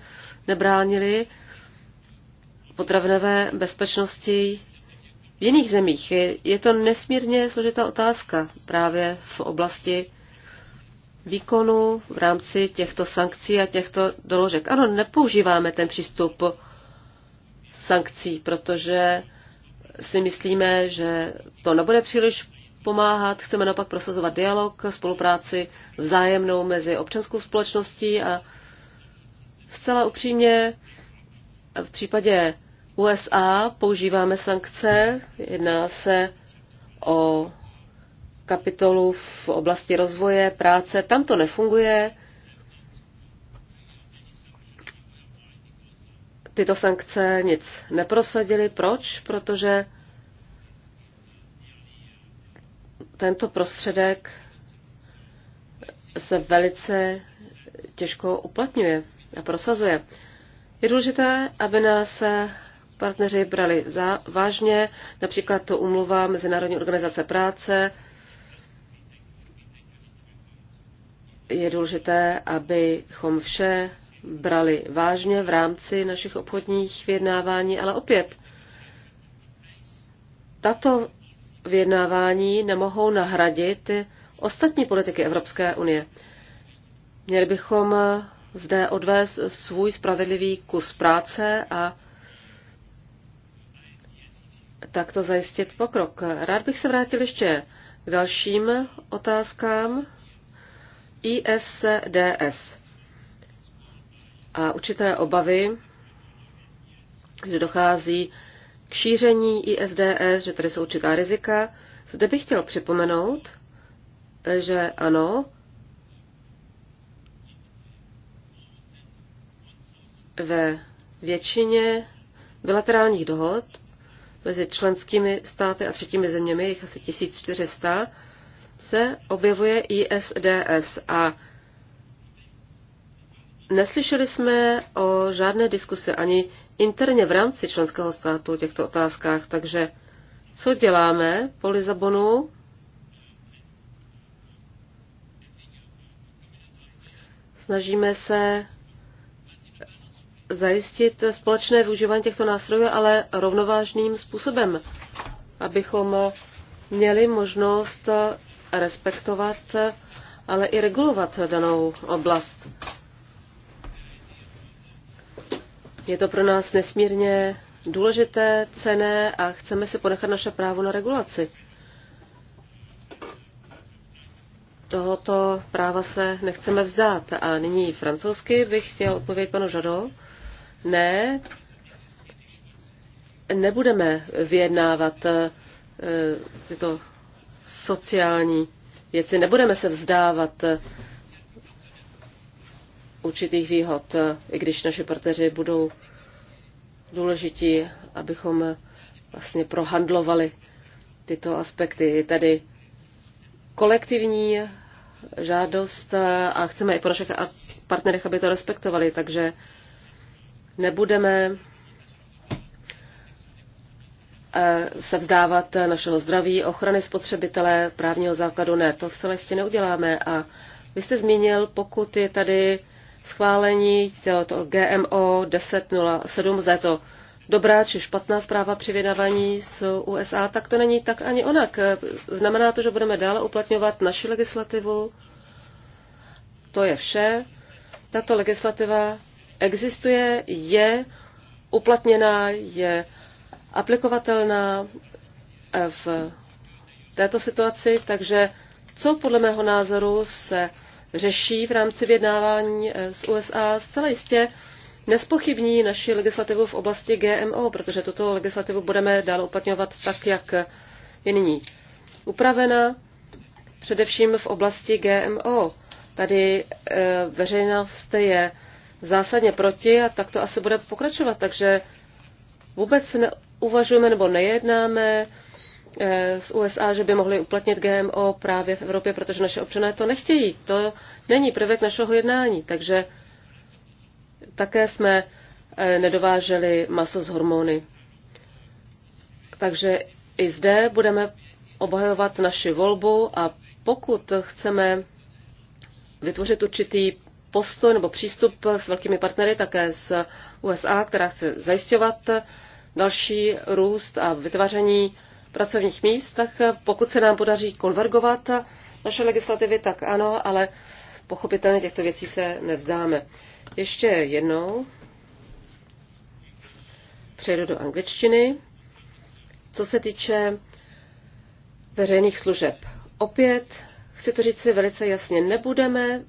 nebránili potravinové bezpečnosti v jiných zemích. Je, je to nesmírně složitá otázka právě v oblasti výkonu v rámci těchto sankcí a těchto doložek. Ano, nepoužíváme ten přístup sankcí, protože si myslíme, že to nebude příliš pomáhat. Chceme naopak prosazovat dialog, spolupráci vzájemnou mezi občanskou společností a zcela upřímně v případě USA používáme sankce. Jedná se o kapitolu v oblasti rozvoje, práce. Tam to nefunguje. Tyto sankce nic neprosadily. Proč? Protože tento prostředek se velice těžko uplatňuje a prosazuje. Je důležité, aby nás partneři brali za vážně, například to umluva Mezinárodní organizace práce, je důležité, abychom vše brali vážně v rámci našich obchodních vyjednávání, ale opět, tato vyjednávání nemohou nahradit ostatní politiky Evropské unie. Měli bychom zde odvést svůj spravedlivý kus práce a takto zajistit pokrok. Rád bych se vrátil ještě k dalším otázkám. ISDS a určité obavy, že dochází k šíření ISDS, že tady jsou určitá rizika. Zde bych chtěl připomenout, že ano, ve většině bilaterálních dohod mezi členskými státy a třetími zeměmi, jich asi 1400, se objevuje ISDS a neslyšeli jsme o žádné diskuse ani interně v rámci členského státu o těchto otázkách, takže co děláme po Lizabonu? Snažíme se zajistit společné využívání těchto nástrojů, ale rovnovážným způsobem, abychom měli možnost respektovat, ale i regulovat danou oblast. Je to pro nás nesmírně důležité, cené a chceme si ponechat naše právo na regulaci. Tohoto práva se nechceme vzdát. A nyní francouzsky bych chtěl odpovědět panu Žado. Ne, nebudeme vyjednávat eh, tyto sociální věci. Nebudeme se vzdávat eh, určitých výhod, eh, i když naše partneři budou důležití, abychom eh, vlastně prohandlovali tyto aspekty. Je tady kolektivní žádost a chceme i po našich partnerech, aby to respektovali, takže nebudeme se vzdávat našeho zdraví, ochrany spotřebitele, právního základu. Ne, to se jistě neuděláme. A vy jste zmínil, pokud je tady schválení to GMO 1007, zda je to dobrá či špatná zpráva při vydávání z USA, tak to není tak ani onak. Znamená to, že budeme dále uplatňovat naši legislativu. To je vše. Tato legislativa existuje, je uplatněná, je aplikovatelná eh, v této situaci, takže co podle mého názoru se řeší v rámci vyjednávání eh, s USA, zcela jistě nespochybní naši legislativu v oblasti GMO, protože tuto legislativu budeme dál uplatňovat tak, jak je nyní upravena, především v oblasti GMO. Tady e, veřejnost je zásadně proti a tak to asi bude pokračovat, takže vůbec ne, uvažujeme nebo nejednáme eh, z USA, že by mohli uplatnit GMO právě v Evropě, protože naše občané to nechtějí. To není prvek našeho jednání. Takže také jsme eh, nedováželi maso z hormony. Takže i zde budeme obhajovat naši volbu a pokud chceme vytvořit určitý postoj nebo přístup s velkými partnery, také z USA, která chce zajišťovat další růst a vytváření pracovních míst, tak pokud se nám podaří konvergovat naše legislativy, tak ano, ale pochopitelně těchto věcí se nevzdáme. Ještě jednou přejdu do angličtiny. Co se týče veřejných služeb, opět chci to říct si velice jasně, nebudeme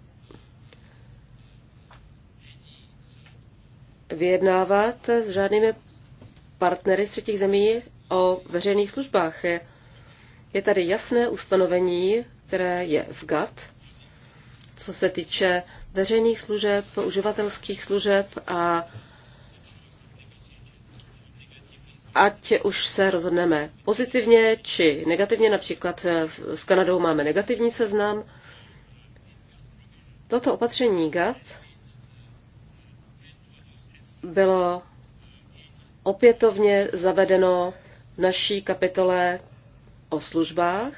vyjednávat s žádnými partnery z třetích zemí o veřejných službách. Je tady jasné ustanovení, které je v GATT, co se týče veřejných služeb, uživatelských služeb a ať už se rozhodneme pozitivně či negativně, například s Kanadou máme negativní seznam. Toto opatření GATT bylo opětovně zavedeno v naší kapitole o službách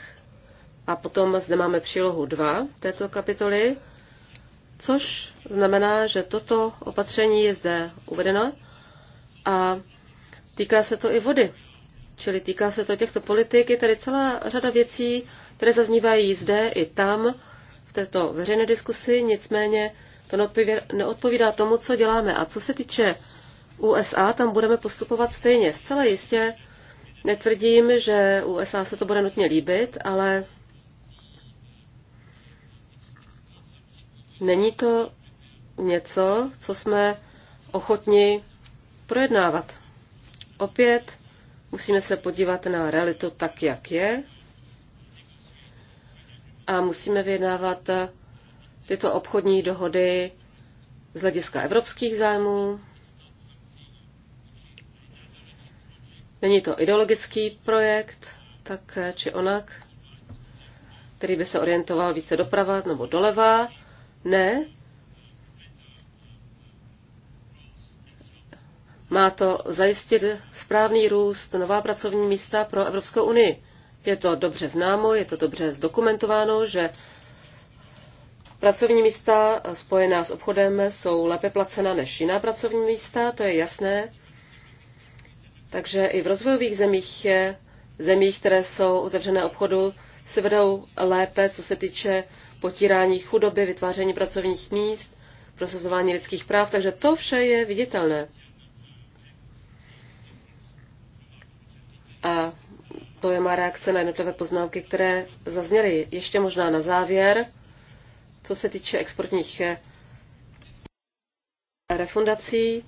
a potom zde máme přílohu 2 této kapitoly, což znamená, že toto opatření je zde uvedeno a týká se to i vody. Čili týká se to těchto politik. Je tady celá řada věcí, které zaznívají zde i tam v této veřejné diskusi, nicméně to neodpovídá tomu, co děláme. A co se týče USA, tam budeme postupovat stejně. Zcela jistě netvrdím, že USA se to bude nutně líbit, ale není to něco, co jsme ochotni projednávat. Opět musíme se podívat na realitu tak, jak je a musíme vyjednávat tyto obchodní dohody z hlediska evropských zájmů, Není to ideologický projekt, tak eh, či onak, který by se orientoval více doprava nebo doleva. Ne. Má to zajistit správný růst, nová pracovní místa pro Evropskou unii. Je to dobře známo, je to dobře zdokumentováno, že Pracovní místa spojená s obchodem jsou lépe placena než jiná pracovní místa, to je jasné. Takže i v rozvojových zemích, zemích, které jsou otevřené obchodu, se vedou lépe, co se týče potírání chudoby, vytváření pracovních míst, prosazování lidských práv, takže to vše je viditelné. A to je má reakce na jednotlivé poznámky, které zazněly. Ještě možná na závěr, co se týče exportních refundací,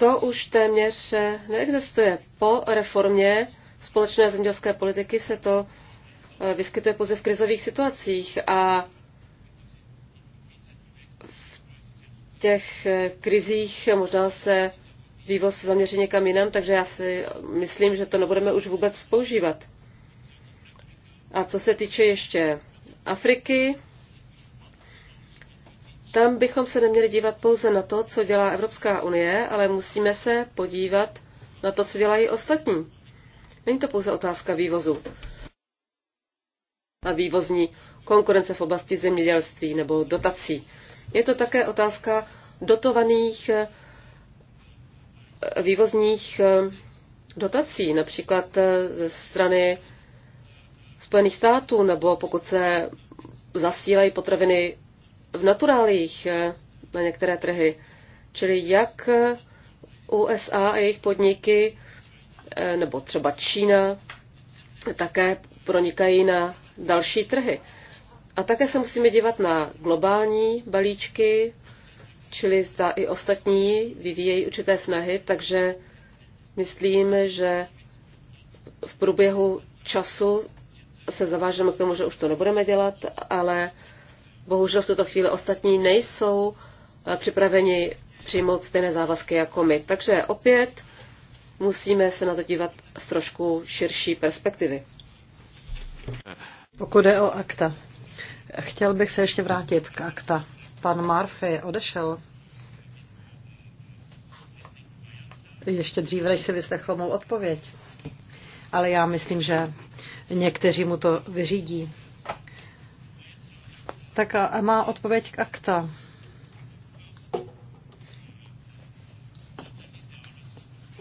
to už téměř eh, neexistuje. Po reformě společné zemědělské politiky se to eh, vyskytuje pouze v krizových situacích a v těch eh, krizích možná se vývoz zaměří někam jinam, takže já si myslím, že to nebudeme už vůbec používat. A co se týče ještě Afriky, tam bychom se neměli dívat pouze na to, co dělá Evropská unie, ale musíme se podívat na to, co dělají ostatní. Není to pouze otázka vývozu a vývozní konkurence v oblasti zemědělství nebo dotací. Je to také otázka dotovaných eh, vývozních eh, dotací, například eh, ze strany Spojených států, nebo pokud se zasílají potraviny v naturálích eh, na některé trhy. Čili jak eh, USA a jejich podniky, eh, nebo třeba Čína, také pronikají na další trhy. A také se musíme dívat na globální balíčky, čili zda i ostatní vyvíjejí určité snahy, takže myslím, že v průběhu času se zavážeme k tomu, že už to nebudeme dělat, ale Bohužel v tuto chvíli ostatní nejsou eh, připraveni přijmout stejné závazky jako my. Takže opět musíme se na to dívat z trošku širší perspektivy. Pokud je o akta, chtěl bych se ještě vrátit k akta. Pan Murphy odešel. Ještě dříve, než si vyslechl mou odpověď. Ale já myslím, že někteří mu to vyřídí. Tak a má odpověď k akta.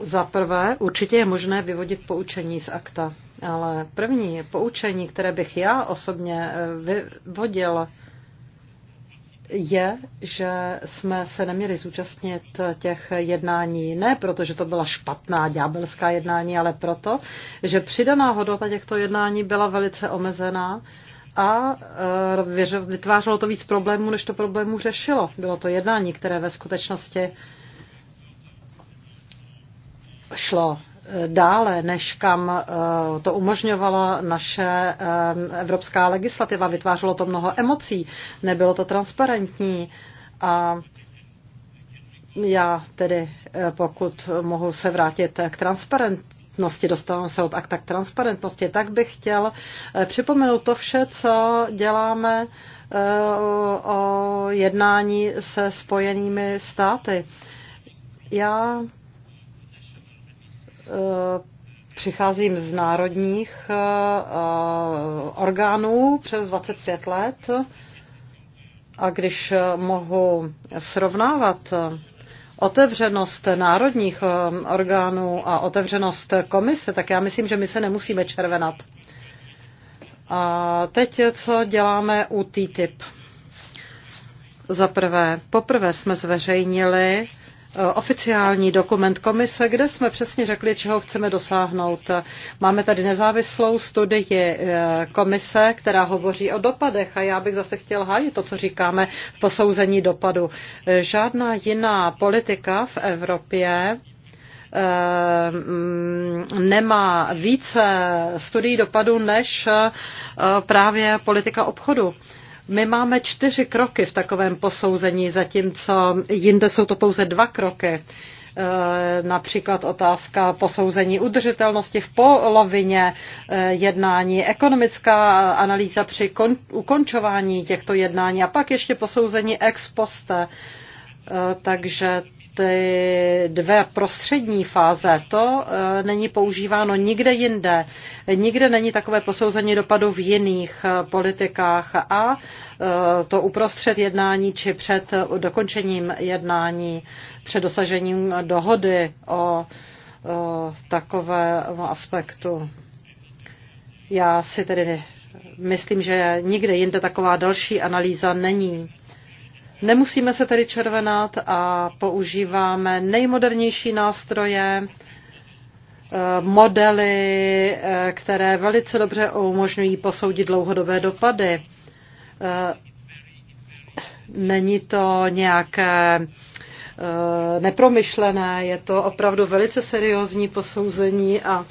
Za prvé, určitě je možné vyvodit poučení z akta, ale první poučení, které bych já osobně e, vyvodil, je, že jsme se neměli zúčastnit těch jednání ne proto, že to byla špatná ďábelská jednání, ale proto, že přidaná hodnota těchto jednání byla velice omezená a e, vytvářelo to víc problémů, než to problémů řešilo. Bylo to jednání, které ve skutečnosti šlo e, dále, než kam e, to umožňovala naše evropská legislativa. Vytvářelo to mnoho emocí, nebylo to transparentní a já tedy, pokud mohu se vrátit k transparent, transparentnosti, dostávám se od akta k transparentnosti, tak bych chtěl eh, připomenout to vše, co děláme eh, o jednání se spojenými státy. Já eh, přicházím z národních orgánů přes 25 let a když mohu srovnávat otevřenost národních um, orgánů a otevřenost komise, tak já myslím, že my se nemusíme červenat. A teď, co děláme u TTIP. Za prvé, poprvé jsme zveřejnili Eh, oficiální dokument komise, kde jsme přesně řekli, čeho chceme dosáhnout. Máme tady nezávislou studii eh, komise, která hovoří o dopadech a já bych zase chtěl hájit to, co říkáme v posouzení dopadu. Eh, žádná jiná politika v Evropě mm, nemá více studií dopadu než právě politika obchodu. My máme čtyři kroky v takovém posouzení, zatímco jinde jsou to pouze dva kroky e, například otázka posouzení udržitelnosti v polovině e, jednání, ekonomická analýza při ukončování těchto jednání a pak ještě posouzení ex poste. E, takže ty dvě prostřední fáze, to eh, není používáno nikde jinde. Nikde není takové posouzení dopadu v jiných eh, politikách a eh, to uprostřed jednání či před dokončením jednání, před dosažením dohody o, o takové aspektu. Já si tedy myslím, že nikde jinde taková další analýza není. Nemusíme se tedy červenat a používáme nejmodernější nástroje, eh, modely, eh, které velice dobře umožňují posoudit dlouhodobé dopady. Eh, není to nějaké nepromyšlené, je to opravdu velice seriózní posouzení a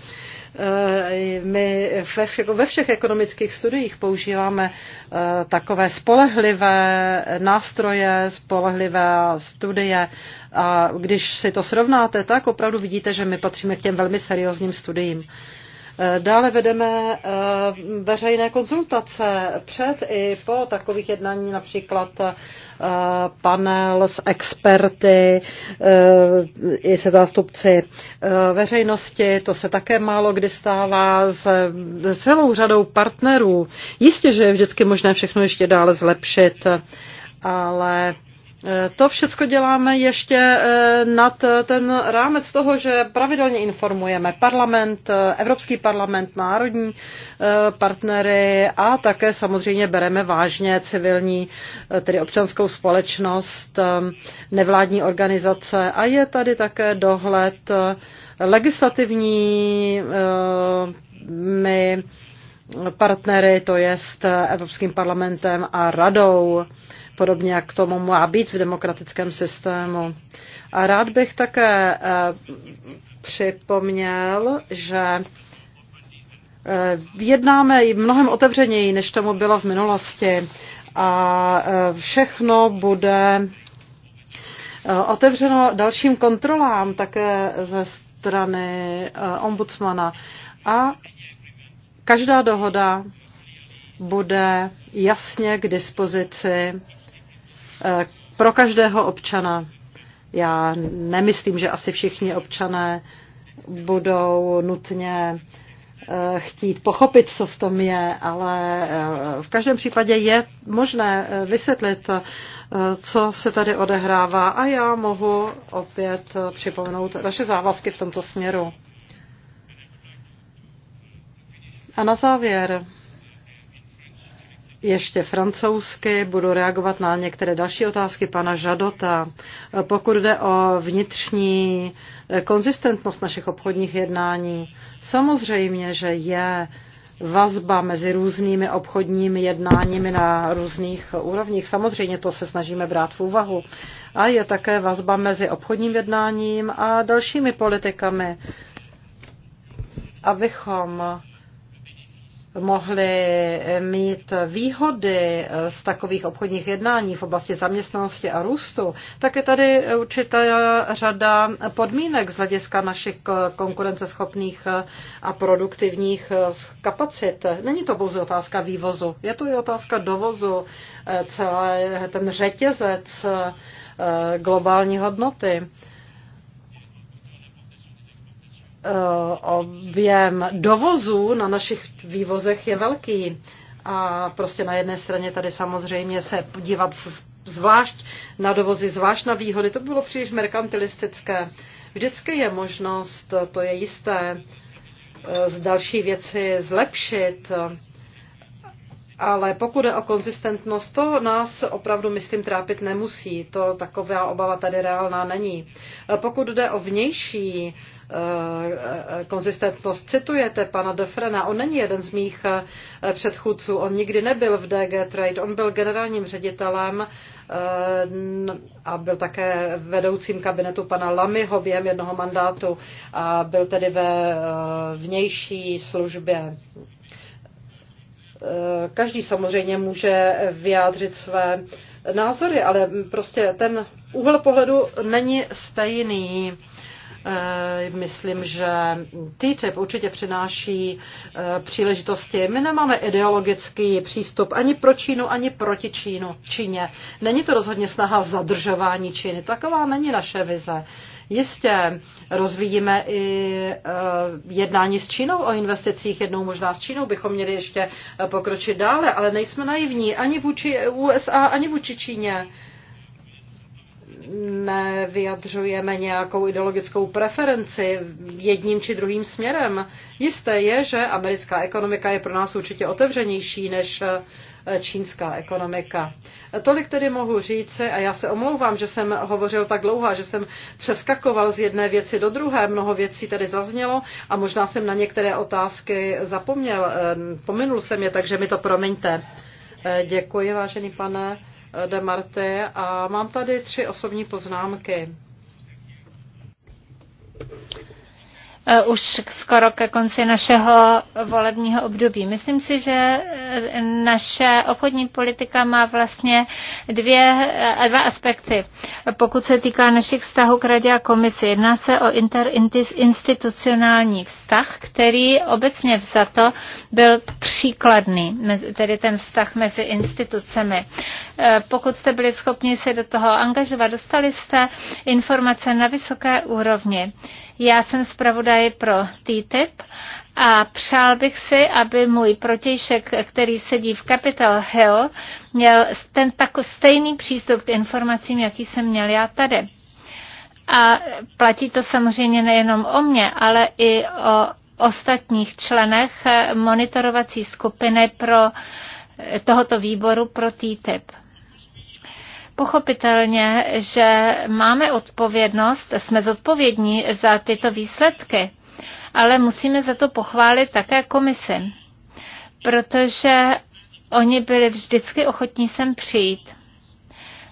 Eh, my ve všech, jako ve všech ekonomických studiích používáme eh, takové spolehlivé nástroje, spolehlivé studie. A když si to srovnáte, tak opravdu vidíte, že my patříme k těm velmi seriózním studiím. Eh, dále vedeme veřejné konzultace před i po takových jednání, například Eh, panel s experty eh, i se zástupci eh, veřejnosti. To se také málo kdy stává s celou řadou partnerů. Jistě, že je vždycky možné všechno ještě dále zlepšit, ale E, to všechno děláme ještě e, nad e, ten rámec toho, že pravidelně informujeme parlament, Evropský parlament, národní partnery a také samozřejmě bereme vážně civilní, tedy občanskou společnost, nevládní organizace a je tady také dohled legislativní my partnery, to jest Evropským parlamentem a radou podobně jak tomu má být v demokratickém systému. A rád bych také eh, připomněl, že eh, jednáme i mnohem otevřeněji, než tomu bylo v minulosti. A eh, všechno bude otevřeno dalším kontrolám také ze strany ombudsmana. A každá dohoda bude jasně k dispozici Eh, pro každého občana. Já nemyslím, že asi všichni občané budou nutně eh, chtít pochopit, co v tom je, ale eh, v každém případě je možné vysvětlit, co se tady odehrává a já mohu opět připomenout naše závazky v tomto směru. A na závěr ještě francouzsky, budu reagovat na některé další otázky pana Žadota. Pokud jde o vnitřní eh, konzistentnost našich obchodních jednání, samozřejmě, že je vazba mezi různými obchodními jednáními na různých úrovních. Samozřejmě to se snažíme brát v úvahu. A je také vazba mezi obchodním jednáním a dalšími politikami, abychom mohli mít výhody z takových obchodních jednání v oblasti zaměstnanosti a růstu, tak je tady určitá řada podmínek z hlediska našich konkurenceschopných a produktivních kapacit. Není to pouze otázka vývozu, je to i otázka dovozu, eh, celé ten řetězec eh, globální hodnoty. Eh, objem dovozů na našich vývozech je velký. A prostě na jedné straně tady samozřejmě se podívat zvlášť na dovozy, zvlášť na výhody, to by bylo příliš merkantilistické. Vždycky je možnost, to je jisté, eh, z další věci zlepšit, ale pokud je o konzistentnost, to nás opravdu, myslím, trápit nemusí. To taková obava tady reálná není. Eh, pokud jde o vnější Eh, konzistentnost. Citujete pana Defrena, on není jeden z mých eh, předchůdců, on nikdy nebyl v DG Trade, on byl generálním ředitelem eh, a byl také vedoucím kabinetu pana Lamyho během jednoho mandátu a byl tedy ve vnější službě. Každý samozřejmě může vyjádřit své názory, ale prostě ten úhel pohledu není stejný. Eh, myslím, že TTIP určitě přináší eh, příležitosti. My nemáme ideologický přístup ani pro Čínu, ani proti Čínu, Číně. Není to rozhodně snaha zadržování Číny. Taková není naše vize. Jistě rozvíjíme i eh, jednání s Čínou o investicích. Jednou možná s Čínou bychom měli ještě pokročit dále, ale nejsme naivní ani vůči USA, ani vůči Číně nevyjadřujeme nějakou ideologickou preferenci jedním či druhým směrem. Jisté je, že americká ekonomika je pro nás určitě otevřenější než eh, čínská ekonomika. Tolik tedy mohu říci a já se omlouvám, že jsem hovořil tak dlouho, že jsem přeskakoval z jedné věci do druhé. Mnoho věcí tady zaznělo a možná jsem na některé otázky zapomněl. Eh, pominul jsem je, takže mi to promiňte. Eh, děkuji, vážený pane Eh, de Marte a mám tady tři osobní poznámky. Eh, už skoro ke konci našeho volebního období. Myslím si, že eh, naše obchodní politika má vlastně dvě, dva aspekty. Pokud se týká našich vztahů k radě a komisi, jedná se o interinstitucionální vztah, který obecně vzato byl příkladný, tedy ten vztah mezi institucemi pokud jste byli schopni se do toho angažovat, dostali jste informace na vysoké úrovni. Já jsem zpravodaj pro TTIP a přál bych si, aby můj protějšek, který sedí v Capitol Hill, měl ten takový stejný přístup k informacím, jaký jsem měl já tady. A platí to samozřejmě nejenom o mě, ale i o ostatních členech monitorovací skupiny pro tohoto výboru pro TTIP. Pochopitelně, že máme odpovědnost, jsme zodpovědní za tyto výsledky, ale musíme za to pochválit také komisi, protože oni byli vždycky ochotní sem přijít.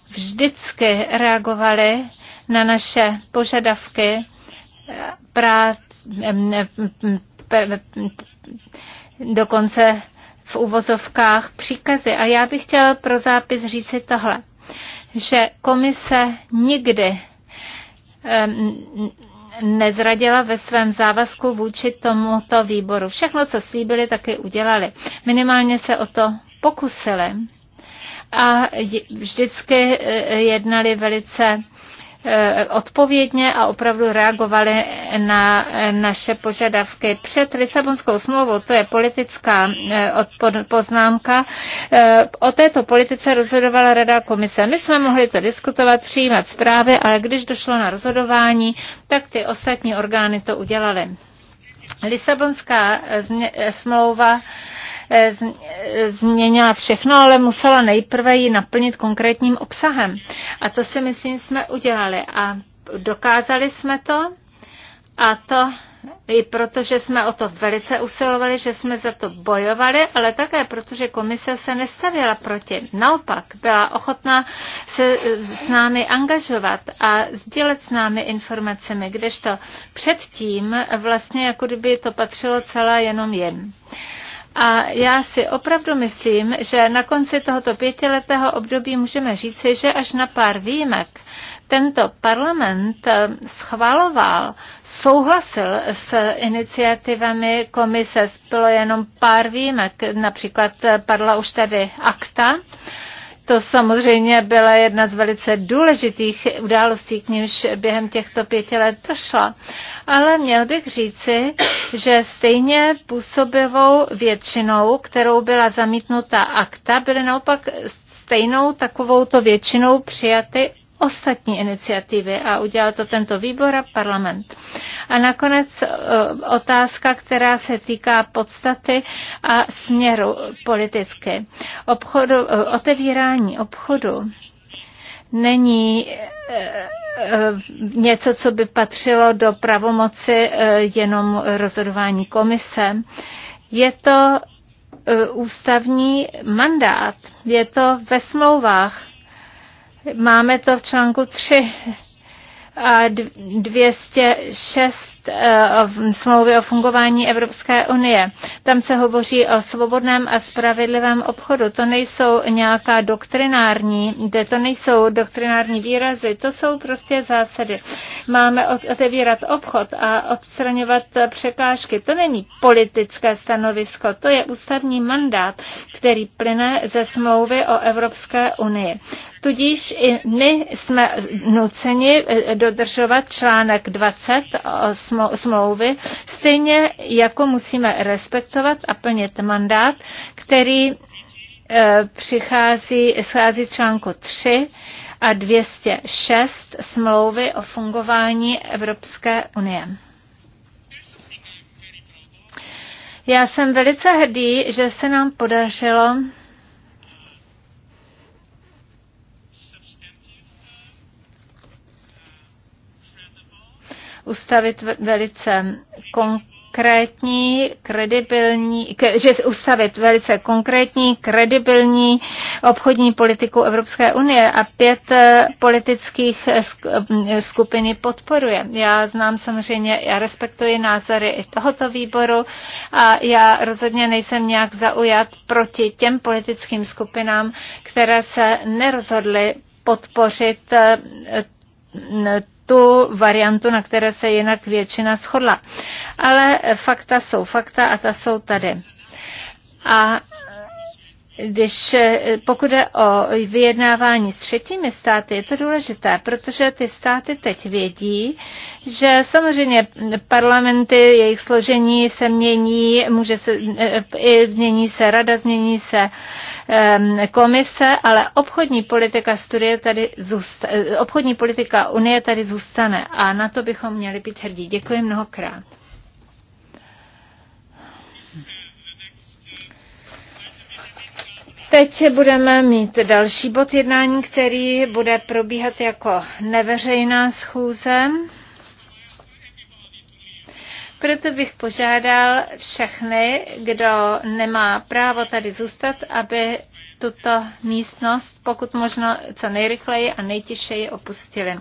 Vždycky reagovali na naše požadavky prát, dokonce v uvozovkách příkazy. A já bych chtěla pro zápis říci tohle že komise nikdy nezradila ve svém závazku vůči tomuto výboru. Všechno, co slíbili, taky udělali. Minimálně se o to pokusili a vždycky eh, jednali velice Eh, odpovědně a opravdu reagovali na eh, naše požadavky. Před Lisabonskou smlouvou, to je politická eh, poznámka, o této politice rozhodovala Rada komise. My jsme mohli to diskutovat, přijímat zprávy, ale když došlo na rozhodování, tak ty ostatní orgány to udělaly. Lisabonská smlouva Eh, eh, změnila všechno, ale musela nejprve ji naplnit konkrétním obsahem. A to si myslím jsme udělali a dokázali jsme to a to i proto, že jsme o to velice usilovali, že jsme za to bojovali, ale také proto, že komise se nestavila proti. Naopak byla ochotná se s námi angažovat a sdílet s námi informacemi, kdežto předtím vlastně jako kdyby to patřilo celé jenom jen. Uh, a já si opravdu myslím, že na konci tohoto pětiletého období můžeme říci, že až na pár výjimek tento parlament eh, schvaloval, souhlasil s iniciativami komise, bylo jenom pár výjimek, například eh, padla už tady akta, to samozřejmě byla jedna z velice důležitých událostí, k nímž během těchto pěti let došla. Ale měl bych říci, že stejně působivou většinou, kterou byla zamítnuta akta, byly naopak stejnou takovouto většinou přijaty ostatní iniciativy a udělal to tento výbor a parlament. A nakonec eh, otázka, která se týká podstaty a směru politické. Obchodu, eh, otevírání obchodu není eh, něco, co by patřilo do pravomoci jenom rozhodování komise. Je to ústavní mandát, je to ve smlouvách Máme to v článku 3 a 206 eh, smlouvy o fungování Evropské unie. Tam se hovoří o svobodném a spravedlivém obchodu. To nejsou nějaká doktrinární, to nejsou doktrinární výrazy, to jsou prostě zásady. Máme otevírat obchod a odstraňovat překážky. To není politické stanovisko, to je ústavní mandát, který plyne ze smlouvy o Evropské unii. Tudíž i my jsme nuceni eh, dodržovat článek 20 smlouvy, stejně jako musíme respektovat a plnit mandát, který eh, přichází, schází článku 3 a 206 smlouvy o fungování Evropské unie. Já jsem velice hrdý, že se nám podařilo ustavit velice konkrétní, kredibilní, že ustavit velice konkrétní, kredibilní obchodní politiku Evropské unie a pět eh, politických eh, eh, skupin podporuje. Já znám samozřejmě, já respektuji názory i tohoto výboru a já rozhodně nejsem nějak zaujat proti těm politickým skupinám, které se nerozhodly podpořit tu variantu, na které se jinak většina shodla. Ale fakta jsou fakta a ta jsou tady. A když eh, pokud je o vyjednávání s třetími státy, je to důležité, protože ty státy teď vědí, že samozřejmě parlamenty, jejich složení se mění, může se, eh, i změní se rada, změní se eh, komise, ale obchodní politika studie tady zůsta, obchodní politika Unie tady zůstane a na to bychom měli být hrdí. Děkuji mnohokrát. Teď budeme mít další bod jednání, který bude probíhat jako neveřejná schůze. Proto bych požádal všechny, kdo nemá právo tady zůstat, aby tuto místnost pokud možno co nejrychleji a nejtěžeji opustili.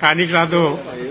Ani žádnou